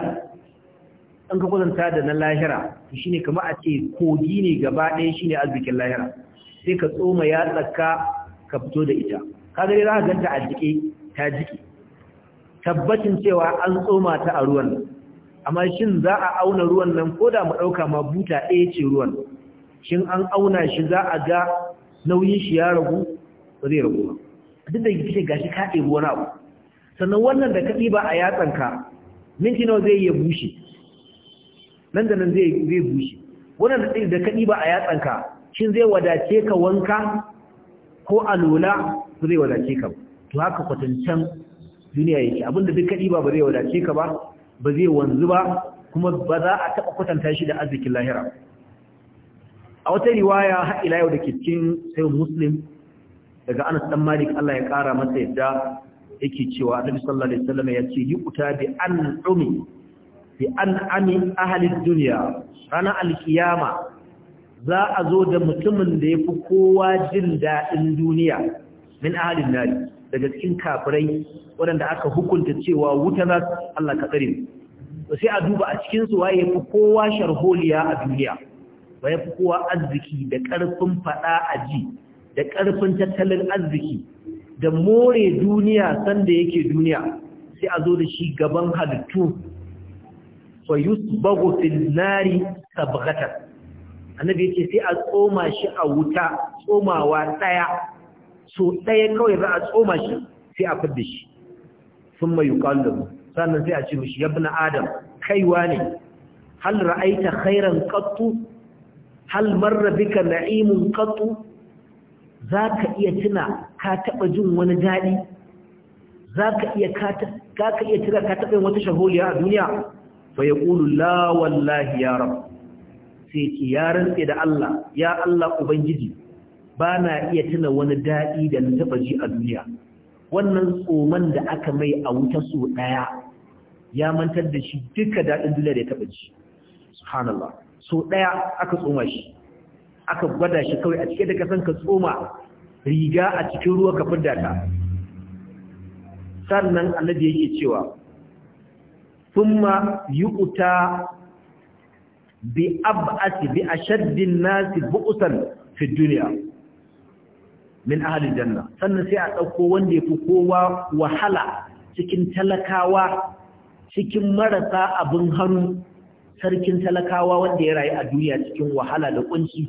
an ka kwatanta da na lahira shine kamar a ce kogi ne gaba ɗaya shine arzikin lahira sai ka tsoma yatsarka ka fito da ita kaga dai za ka ganta a jike ta jike tabbacin cewa an tsoma ta a ruwan amma shin za a auna ruwan nan ko da mu ɗauka ma buta ɗaya ce ruwan shin an auna shi za a ga nauyin shi ya ragu ba zai ragu ba duk da kike gashi ka ɗebi wani abu sannan wannan da ka ɗiba a yatsanka minti nawa zai iya bushe nan da nan zai zai bushe wannan da da ka ɗiba a yatsanka shin zai wadace ka wanka ko alola ba zai wadace ka to haka kwatancan duniya yake abinda duk kadi ba ba zai wadace ka ba ba zai wanzu ba kuma ba za a taɓa kwatanta shi da arzikin lahira a wata riwaya har ila yau da cikin sai muslim daga Anas dan Malik Allah ya kara masa yadda yake cewa Annabi sallallahu alaihi wasallam ya ce kuta bi an'ami bi an'ami ahli dunya rana alkiyama za a zo da mutumin da yafi kowa jin dadin duniya min ahli nari daga cikin kafirai waɗanda aka hukunta cewa wuta za Allah ka tsare to sai a duba a cikin su waye fi kowa sharholiya a duniya waye fi kowa arziki da ƙarfin faɗa a ji da ƙarfin tattalin arziki da more duniya sanda yake duniya sai a zo da shi gaban halittu fa yusbagu fil nari sabghatan annabi yace sai a tsoma shi a wuta tsomawa daya so ɗaya kawai za a tsoma shi sai a fidda shi sun mai yuƙallon sannan sai a ce mishi ya bi na adam kaiwa ne hal ra'aita khairan qattu hal marra bika na'imun Za ka iya tuna ka taba jin wani daɗi? Za ka iya tuna ka taba wata shaholiya a duniya fa yaqulu la wallahi ya rab sai ki ya rantsi da Allah ya Allah ubangiji ba na iya tuna wani daɗi da na taɓa ji a duniya wannan tsoman da aka mai a wuta so ɗaya ya mantar da shi duka daɗin duniya da ya taɓa ji subhanallah so ɗaya aka tsoma shi aka gwada shi kawai a cike da kasan ka tsoma riga a cikin ruwa ka fidda ta sannan annabi yake cewa thumma yuqta bi ab'ati bi ashaddin nasi bu'san fi dunya min ahalin janna sannan sai a ɗauko wanda ya fi kowa wahala cikin talakawa cikin marasa abin hannu sarkin talakawa wanda ya rayu a duniya cikin wahala da kunci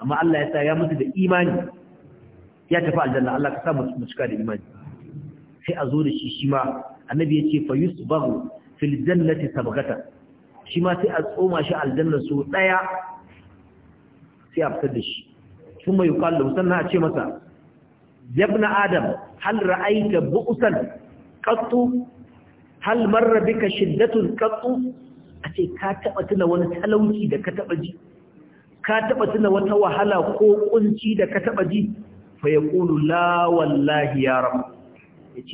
amma Allah ya sa ya mutu da imani ya tafi aljanna Allah ka sa mu cika da imani sai a zo da shi shi ma annabi ya ce fa yusbahu fil jannati sabghata shi ma sai a tsoma shi aljanna so daya sai a fitar da shi kuma yuqalu sannan a ce masa yabna adam hal ra'aita bu'san qattu hal marra bika shiddatun qattu ace ka taba tuna wani talauci da ka taba ji ka taba tuna wata wahala ko ƙunci da ka taba ji fa yaqulu la wallahi ya rabb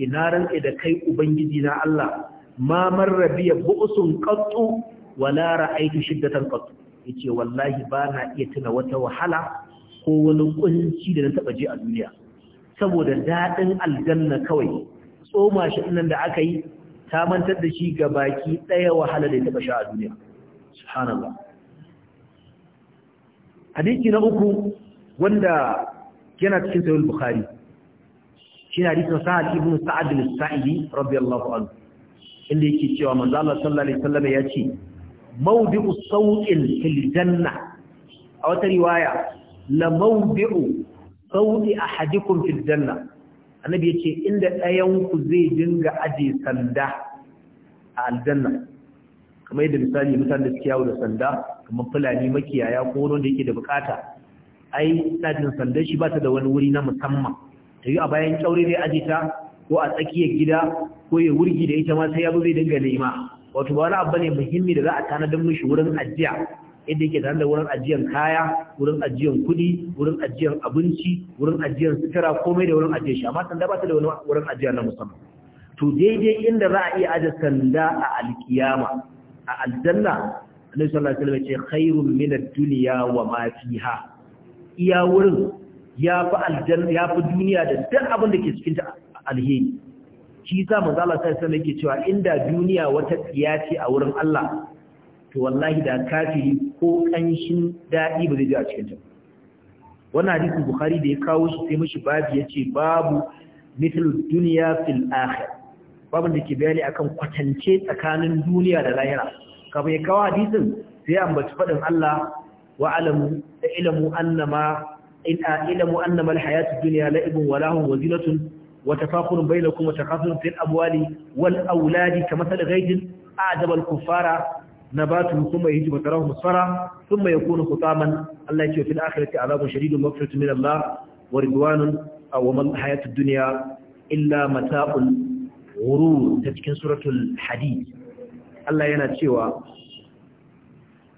na rantsa da kai ubangiji na Allah ma marra biya bu'sun wala shiddatan wallahi bana iya tuna wata wahala ko wani ƙunci da na taba ji a duniya saboda daɗin aljanna kawai tsoma shi nan da aka yi ta mantar da shi ga baki ɗaya wahala da ya taɓa sha a duniya subhanallah hadisi na uku wanda yana cikin sahih bukhari shine hadisin sa'ad ibn sa'ad al-sa'idi radiyallahu anhu inda yake cewa manzo Allah sallallahu alaihi wasallam ya ce mawdi'u sawqin fil janna a wata riwaya la mawdi'u sauti a Hadikun janna annabi ce inda ɗayan ku zai dinga aji sanda a aljanna kamar yadda misali mutane da suke yawo da sanda kamar fulani makiyaya ko wani wanda yake da bukata ai jin sandan shi ba ta da wani wuri na musamman ta yi a bayan kyaure zai aje ta ko a tsakiyar gida ko ya wurgi da ita ma sai ya zo zai dinga nema wato ba wani abu ne muhimmi da za a tanadar mishi wurin ajiya Inda yake tare da wurin ajiyan kaya wurin ajiyan kuɗi wurin ajiyan abinci wurin ajiyan sutura komai da wurin ajiyar shi amma sanda ba ta da wani wurin ajiya na musamman to daidai inda za a iya aje sanda a alkiyama a aljanna annabi sallallahu alaihi wasallam ya ce khairun min ad-dunya wa ma fiha iya wurin ya fi aljanna ya duniya da duk abin da ke cikin ta alheri shi yasa manzo Allah sallallahu alaihi wasallam yake cewa inda duniya wata tsiya ce a wurin Allah to wallahi da kafiri ko kanshin daɗi ba zai ji a cikin ta wannan hadisin bukhari da ya kawo shi sai mishi babu ce, babu mithlu duniya fil akhir babu da ke bayani akan kwatance tsakanin duniya da lahira kafin ya kawo hadisin sai ambaci faɗin! Allah wa alamu da ilmu annama in ilmu annama alhayatud dunya la'ibun wa lahun wa zinatun wa tafakhurun bainakum wa takathurun fil amwali wal auladi kamathal ghaidin a'jaba al-kuffara na batu kuma ya hijiba tarahu musfara sun mai kuna hutaman Allah ce fil akhirati azabun shadidun mafsatu min Allah wa ridwanun aw man hayatu dunya illa mata'un ghurur ta cikin suratul hadid Allah yana cewa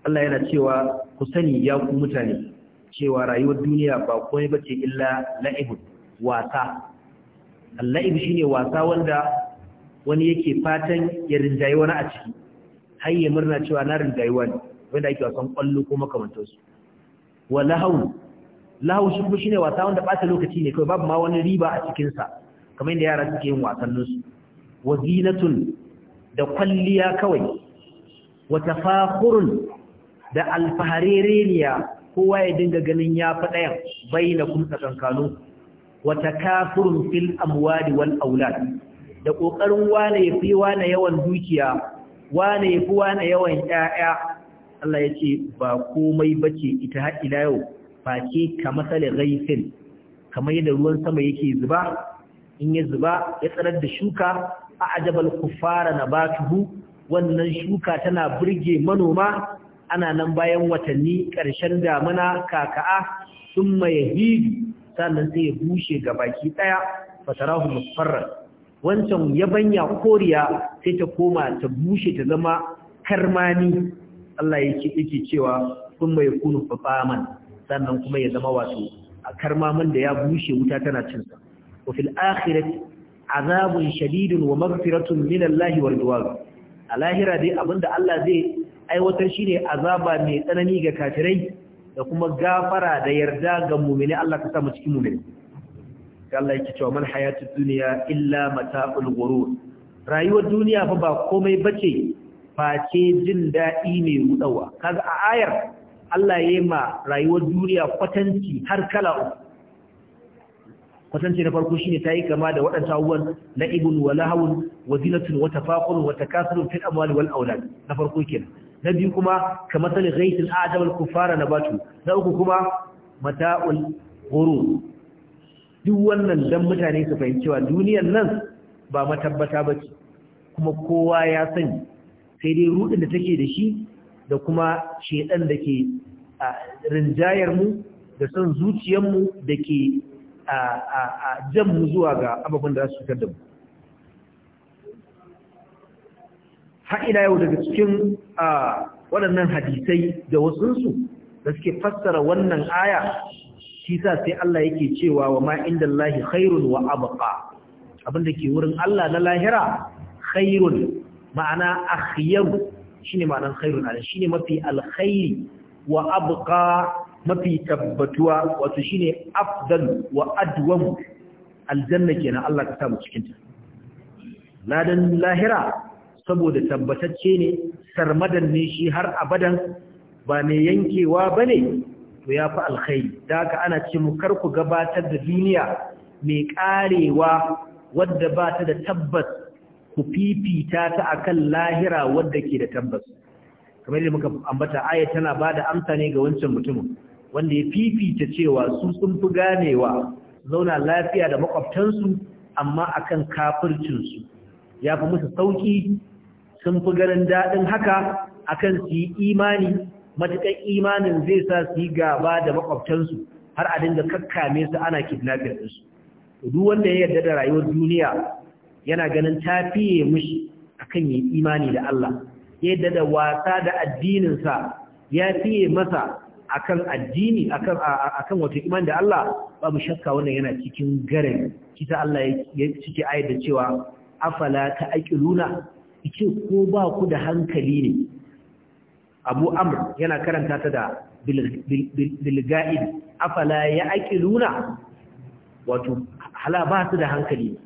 Allah yana cewa ku sani ya ku mutane cewa rayuwar duniya ba komai bace illa la'ibun wasa Allah ibi shine wasa wanda wani yake fatan ya rinjayi wani a ciki har yi murna cewa na rinjayuwa wani wanda ake wasan kwallo ko makamantarsu wa lahau lahau shi kuma shine wasa wanda bata lokaci ne kawai babu ma wani riba a cikinsa kamar yadda yara suke yin wasanninsu wa zinatun da kwalliya kawai Wata tafakhurun da alfaharereniya kowa ya dinga ganin ya fi ɗayan bayyana kuma tsakankanu wa takafurun fil amwali wal aulad da kokarin wane ya wane yawan dukiya wane ya fi wane yawan ƴaƴa Allah ya ce ba komai ba ce ita har ila yau ke ka masalin raifin kamar yadda ruwan sama yake zuba in ya zuba ya tsanar da shuka a ajabal kufara na batuhu wannan shuka tana burge manoma ana nan bayan watanni ƙarshen damuna kaka'a sun mai hidi sannan sai ya bushe ga baki ɗaya fatarahu wancan yabanya koriya sai ta koma ta bushe ta zama karmani Allah yake cewa sun mai kunu fafaman sannan kuma ya zama wato a karmamin da ya bushe wuta tana cinsa wa fil akhirati azabun shadidun wa maghfiratun min Allah wa ridwan a lahira dai abinda Allah zai aiwatar shine azaba mai tsanani ga kafirai da kuma gafara da yarda ga mu'mini Allah ka sa mu cikin mu'mini sai Allah yake cewa man hayatud duniya illa mata'ul ghurur rayuwar duniya fa ba komai bace face jin dadi mai rudawa kaga a ayar Allah yayi ma rayuwar duniya kwatanci har kala uku kwatanci na farko shine tayi kama da waɗannan abubuwan la'ibun wa lahawun wa zinatun wa tafaqurun wa takasurun fil amwali wal aulad na farko kenan na biyu kuma kamar ghaythil a'jabal kufara nabatu na uku kuma mata'ul ghurur duk wannan dan mutane su fahimci cewa duniyar nan ba matabbata ba ce kuma kowa ya sani sai dai rudin da take da shi da kuma shedan da ke rinjayar mu da son zuciyar mu da ke jan mu zuwa ga abubuwan da za su fitar da mu ila yau daga cikin waɗannan hadisai da wasunsu da suke fassara wannan aya shi sa sai Allah yake cewa wa ma inda khairun wa abuka, abinda ke wurin Allah na lahira khairun ma'ana akhyaru shine ma'anan khairun ala ne mafi alkhairi wa abuka mafi tabbatuwa wato ne afdal wa adwam aljanna kenan Allah ka samu cikinta. ladan lahira saboda tabbatacce ne sarmadan ne shi har abadan ba mai yankewa bane to ya fi alkhairi da haka ana ce mu kar ku gabatar da duniya mai karewa wadda ba ta da tabbas ku fifita ta akan lahira wadda ke da tabbas kamar yadda muka ambata aya tana ba da amsa ne ga wancan mutumin wanda ya fifita cewa su sun fi ganewa zauna lafiya da makwabtansu amma akan kafircinsu ya fi musu sauki sun fi ganin daɗin haka akan su yi imani matukan imanin zai sa su yi gaba da makwabtansu har a dinga kakkame su ana kidnapping ɗinsu duk wanda ya yarda da rayuwar duniya yana ganin ta fiye mishi akan yi imani da Allah yadda da wasa da addininsa ya fiye masa akan addini akan akan wato imani da Allah babu shakka wannan yana cikin garin kita Allah ya cike ayat cewa afala ta'qiluna yace ko ba ku da hankali ne abu amr yana karanta ta da bilga'id afala ya aiki luna wato hala ba su da hankali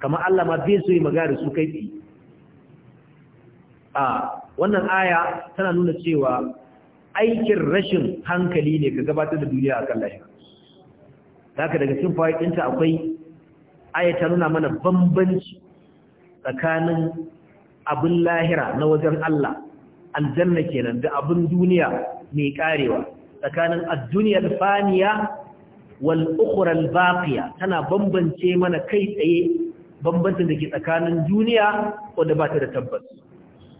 kamar Allah ma bai so yi magana su kai a wannan aya tana nuna cewa aikin rashin hankali ne ga gabatar da duniya kan lahira haka daga cikin fa'iɗinta akwai aya ta nuna mana bambanci tsakanin abin lahira na wajen Allah aljanna kenan da abin duniya mai karewa tsakanin ad al faniya wal ukhra al baqiya tana bambance mana kai tsaye bambancin da ke tsakanin duniya wanda ba ta da tabbas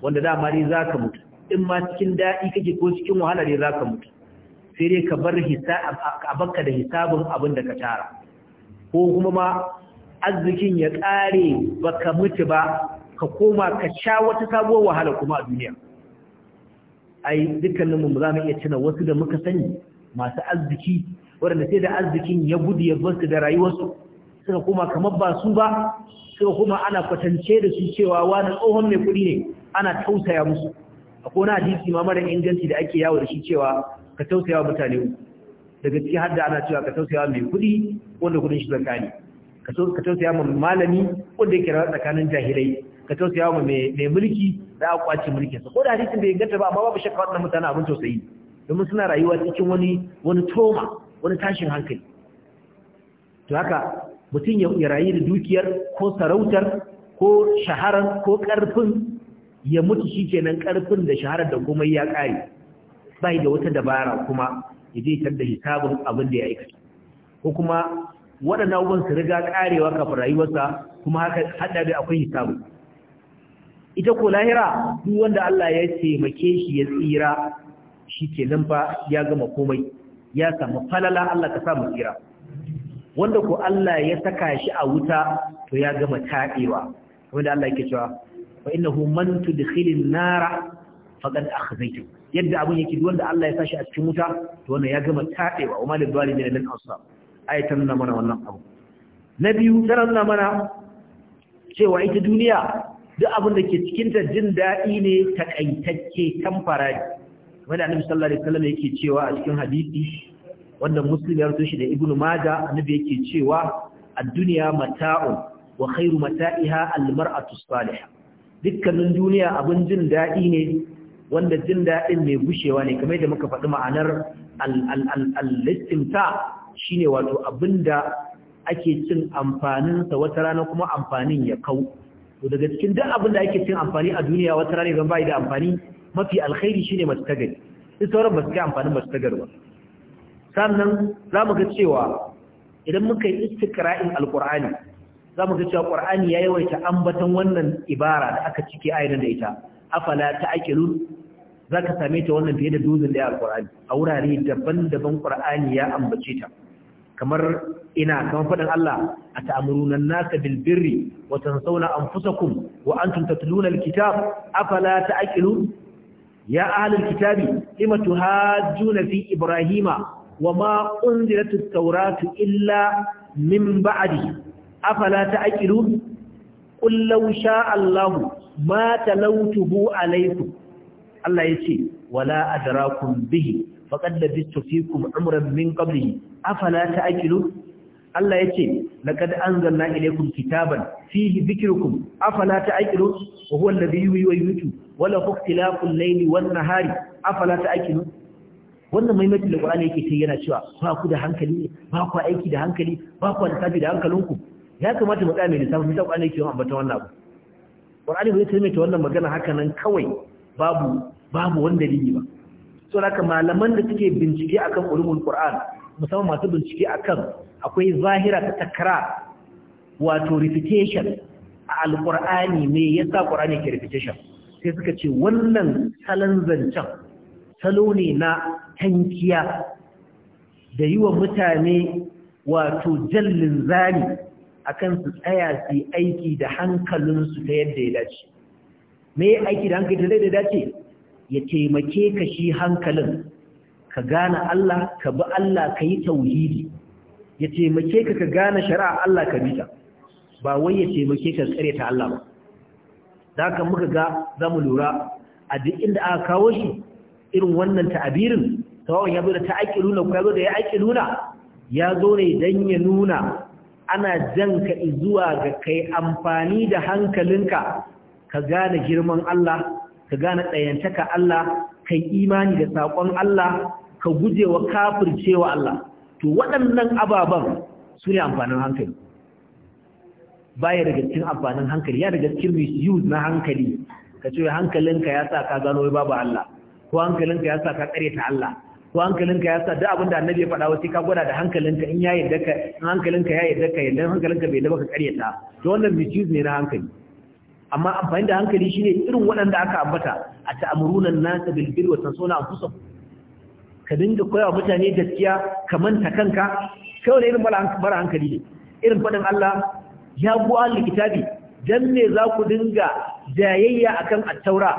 wanda dama dai zaka mutu in ma cikin dadi kake ko cikin wahala dai zaka mutu sai dai ka bar hisab a baka da hisabin abin da ka tara ko kuma ma arzikin ya kare baka mutu ba ka koma ka sha wata sabuwar wahala kuma a duniya ai dukkaninmu za mu iya cina wasu da muka sani masu arziki waɗanda sai da arzikin ya gudu ya su da rayuwarsu suka koma kamar ba su ba suka koma ana kwatance da su cewa wani tsohon mai kuɗi ne ana tausaya musu a kona hadisi ma mara inganci da ake yawo da shi cewa ka tausaya wa mutane daga ciki har da ana cewa ka tausaya mai kuɗi wanda kuɗin shi zakani ka tausaya mai malami wanda yake rawa tsakanin jahilai ka tausaya wa mai mulki da a kwace mulkinsa ko da hadisin bai inganta ba amma babu shakka waɗannan mutane abin tausayi domin suna rayuwa cikin wani wani toma wani tashin hankali to haka mutum ya rayu da dukiyar ko sarautar ko shaharar ko ƙarfin ya mutu shi kenan ƙarfin da shaharar da komai ya kare bai da wata dabara kuma ya je tar da hisabin abin da ya aikata ko kuma waɗannan abubuwan su riga karewa kafin rayuwarsa kuma haka haɗa da akwai hisabin ita ko lahira duk wanda Allah ya taimake shi ya tsira shi ke nan fa ya gama komai ya samu falala Allah ka samu tsira wanda ko Allah ya saka shi a wuta to ya gama taɗewa wanda Allah yake cewa fa innahu man tudkhilin nara faqad akhzaytu yadda abun yake duk wanda Allah ya shi a cikin wuta to wannan ya gama taɗewa wa ne zalimin lil ansar ayatan nuna mana wannan abu na biyu tana nuna mana cewa ita duniya duk abin da ke cikinta jin daɗi ne takaitacce tamfara ne wanda annabi sallallahu alaihi wasallam yake cewa a cikin hadisi wanda muslim ya rubuto shi da ibnu Mada annabi yake cewa ad-dunya mata'un wa khairu mata'iha al-mar'atu salihah dukkanin duniya abin jin daɗi ne wanda jin daɗin mai gushewa ne kamar da muka faɗi ma'anar al-istimta shine wato abinda ake cin amfaninsa wata rana kuma amfanin ya kau to daga cikin duk abin da ake cin amfani a duniya wata rana zan bai da amfani mafi alkhairi shine masu ta gari duk sauran ba su kai amfanin masu ta ba sannan za mu ga cewa idan muka yi istiqra'in alkur'ani za mu ga cewa ƙur'ani ya yawaita ambaton wannan ibara da aka cike ayyana da ita afala ta za ka same ta wannan fiye da dozin da alkur'ani a wurare daban-daban ƙur'ani ya ambace ta kamar ina kamar faɗin Allah a ta’amuru nan nasa bilbirri wata sauna an fusa kun wa an tun tattalu aƙilu ya alin kitabi imatu hajju na fi ibrahima wa ma ƙundira ta tauratu illa min ba'adi afala ta aƙilu ƙullau sha Allahu ma talautu bu alaikum Allah ya ce wala adarakun bihi faqad labistu fikum umran min qablihi afala ta akilu Allah ya ce laqad anzalna ilaykum kitaban fihi dhikrukum afala ta akilu wa huwa alladhi yuhyi wa yumiitu wa la ikhtilaful layli wanda nahari afala ta akilu wannan maimaiti da Qur'ani yake kai yana cewa ba ku da hankali ne ba ku aiki da hankali ba ku da tafi da hankalinku ya kamata mu tsaya mai lissafi bisa Qur'ani yake yawan ambata wannan abu Qur'ani bai mai ta wannan magana haka nan kawai babu babu wanda dalili ba so haka malaman da suke bincike akan ulumul Qur'an musamman masu bincike akan akwai zahira ta takara wato repetition a alkur'ani me yasa qur'ani ke repetition sai suka ce wannan salon zancen salo ne na tankiya da yi wa mutane wato jallin zani akan su tsaya su aiki da hankalinsu ta yadda ya dace me aiki da hankali da dace ya taimake ka shi hankalin ka gane Allah ka bi Allah ka yi tauhidi ya taimake ka ka gane shari'a Allah ka bita ba wai ya taimake ka tsare ta Allah ba da haka muka ga za mu lura a duk inda aka kawo shi irin wannan ta'abirin tawon ya zo da ta'aqiluna ko ya zo da ya zo ne dan ya nuna ana jan zuwa ga kai amfani da hankalinka ka gane girman Allah ka gane tsayantaka Allah kai imani da saƙon Allah ka guje wa kafircewa Allah to waɗannan ababen su ne amfanin hankali ya daga cikin amfanin hankali ya daga cikin misuse na hankali ka ce hankalinka ya sa ka gano babu Allah ko hankalinka ya sa ka tsare ta Allah ko hankalinka ya sa duk abin da annabi ya faɗa wasu ka gwada da hankalinka in ya yarda ka in hankalinka ya yarda ka yarda hankalinka bai yarda ka tsare ta to wannan misuse ne na hankali amma amfani da hankali shine irin waɗanda aka ambata a ta'amuruna an-nasa bil birri wa tansawna anfusakum ka dinga koya mutane gaskiya ka manta kanka kawai irin mara hankali ne irin faɗin Allah ya bu an likitabi dan me za ku dinga jayayya akan attaura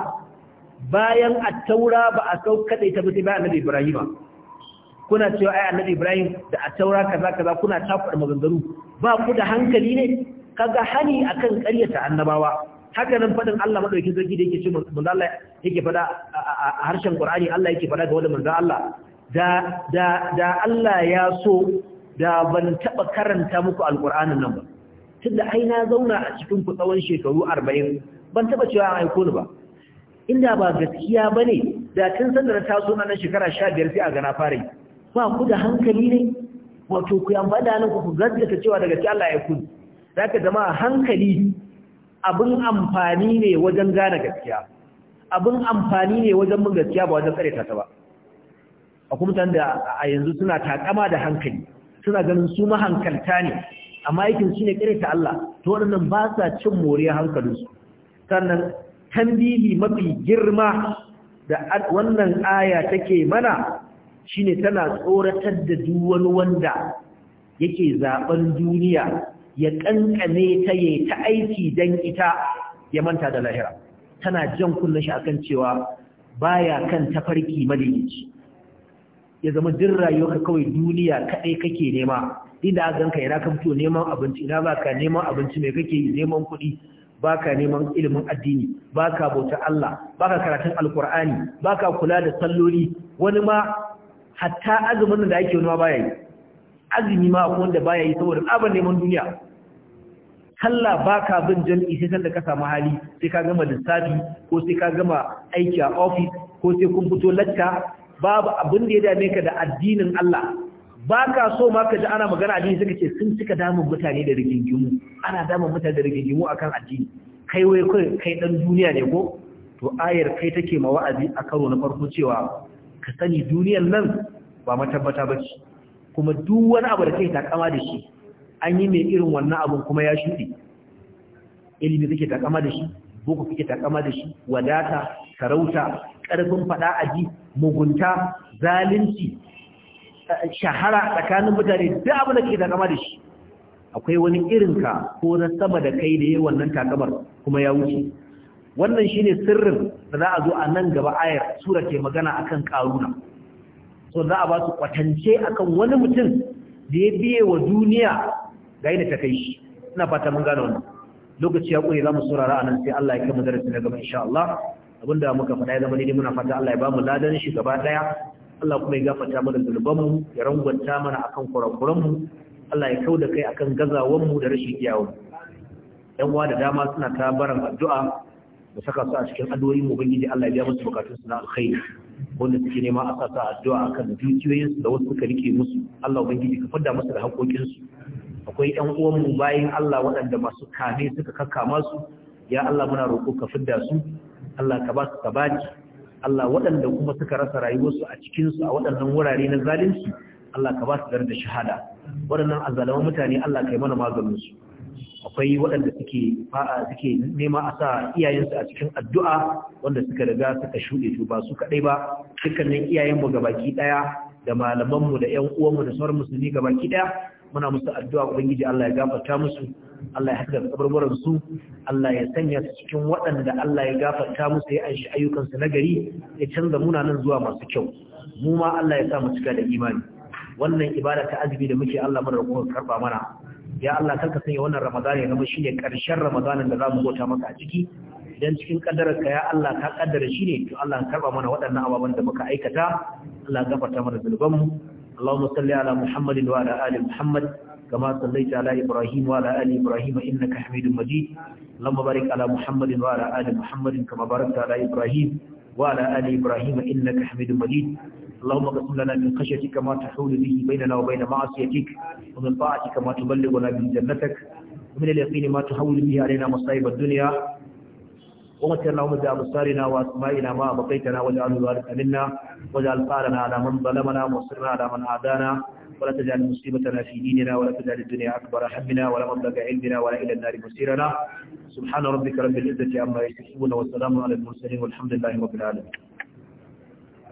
bayan attaura ba a kau da ta ba bayan annabi Ibrahim kuna cewa ai annabi Ibrahim da attaura kaza kaza kuna tafar maganganu ba ku da hankali ne kaga hani akan ƙaryata annabawa haka nan faɗin Allah maɗauki sarki da yake ce manzo Allah yake fada a harshen Qur'ani Allah yake faɗa ga wanda manzo Allah da da da Allah ya so da ban taɓa karanta muku alqur'anin nan ba tunda ai na zauna a cikin ku tsawon shekaru 40 ban taɓa cewa an aiko ni ba inda ba gaskiya bane da tun san da na taso na nan shekara 15 sai a gana fare ba ku da hankali ne wato ku yan da nan ku gaskata cewa da gaskiya Allah ya ku zaka jama'a hankali abin amfani ne wajen gane gaskiya abin amfani ne wajen mun gaskiya ba wajen tsare ta ba a kuma da a yanzu suna takama da hankali suna ganin su mahankalta ne amma aikin shi ne ta Allah to waɗannan ba sa cin moriya hankalinsu sannan tambihi mafi girma da wannan aya take mana shine tana tsoratar da duk wani wanda yake zaben duniya ya kankane ta yi ta aiki don ita ya manta da lahira tana jan kullun shi akan cewa baya kan tafarki madaidaici ya zama din ka kawai duniya kaɗai kake nema inda aka ganka ina ka fito neman abinci ina baka neman abinci mai kake yi neman kuɗi baka neman ilimin addini baka bauta Allah baka karatun alkur'ani baka kula da salloli wani ma hatta azumin da ake wani ma baya yi azumi ma akwai wanda baya yi saboda abin neman duniya sallah baka bin jami'i sai sanda ka samu hali sai ka gama lissafi ko sai ka gama aiki a ofis ko sai kun fito latta babu abin da ya dame ka da addinin Allah baka so ma ka ji ana magana addini suka ce sun cika damun mutane da rigingimu ana damun mutane da rigingimu akan addini kai wai kai kai dan duniya ne ko to ayar kai take ma wa'azi a karo na farko cewa ka sani duniyar nan ba matabbata bace kuma duk wani abu da kai takama da shi an yi mai irin wannan abun kuma ya shuɗe ilimi kake takama da shi boko kake takama da shi wadata sarauta ƙarfin faɗa aji mugunta zalunci shahara tsakanin mutane duk abu da kake takama da shi akwai wani irinka ko na sama da kai da yi wannan takamar kuma ya wuce wannan shine sirrin da za a zo a nan gaba ayar sura ke magana akan karuna so za a ba su kwatance akan wani mutum da ya biye wa duniya ga yadda ta kai shi ina fata mun gane wannan lokaci ya kure za mu saurara anan sai Allah ya kai mu darasi na gaba insha Allah abinda muka faɗa ya zama daidai muna fata Allah ya ba mu ladan shi gaba daya Allah kuma ya gafarta mana mu ya rangwanta mana akan mu Allah ya kauda kai akan gazawan mu da rashin iyawanmu yan uwa da dama suna ta baran addu'a da saka su a cikin addu'o'in ubangiji Allah ya biya musu bukatun su na alkhairi wanda suke nema a sa addu'a akan dukiyoyin su da wasu suka rike musu Allah ubangiji ka fadda musu da haƙoƙin su akwai ƴan uwan mu bayin Allah waɗanda masu kame suka kakkama su ya Allah muna roƙo ka fadda su Allah ka ba su tabaci Allah waɗanda kuma suka rasa rayuwarsu a cikin su a waɗannan wurare na zalunci Allah ka ba su da shahada waɗannan azalaman mutane Allah kai mana maganin su akwai waɗanda suke suke nema a sa iyayensu a cikin addu'a wanda suka riga suka shuɗe to ba su kaɗai ba dukkanin iyayenmu baki ɗaya da malamanmu da ƴan uwanmu da sauran musulmi gabaki ɗaya muna musu addu'a ubangiji Allah ya gafarta musu Allah ya haɗa kabarbaran su Allah ya sanya su cikin waɗanda Allah ya gafarta musu ya anshi ayyukan su na gari ya canza munanan zuwa masu kyau mu ma Allah ya sa mu cika da imani wannan ibada ta azumi da muke Allah mana roƙon karba mana ya Allah karka sanya wannan Ramadan ya zama shine karshen Ramadanin da zamu gota maka a ciki idan cikin kaddarar ya Allah ka kaddara shine to Allah ka karba mana waɗannan ababen da muka aikata Allah ya gafarta mana zulubban mu Allahumma salli ala Muhammadin wa ala ali Muhammad kama sallaita ala Ibrahim wa ala ali Ibrahim innaka Hamidum Majid اللهم بارك على محمد وعلى آل محمد كما باركت على إبراهيم وعلى آل إبراهيم إنك حميد مجيد اللهم اغفر لنا من خشيتك ما تحول به بيننا وبين معصيتك ومن طاعتك ما تبلغنا من جنتك ومن اليقين ما تحول به علينا مصائب الدنيا لهم ذا أبصارنا وأسمائنا ما بقيتنا واجعله الوارث منا واجعل قارنا على من ظلمنا وصرنا على من عادانا ولا تجعل مصيبتنا في ديننا ولا تجعل الدنيا أكبر همنا ولا مبلغ علمنا ولا إلى النار مسيرنا سبحان ربك رب العزة عما يصفون وسلام على المرسلين والحمد لله رب العالمين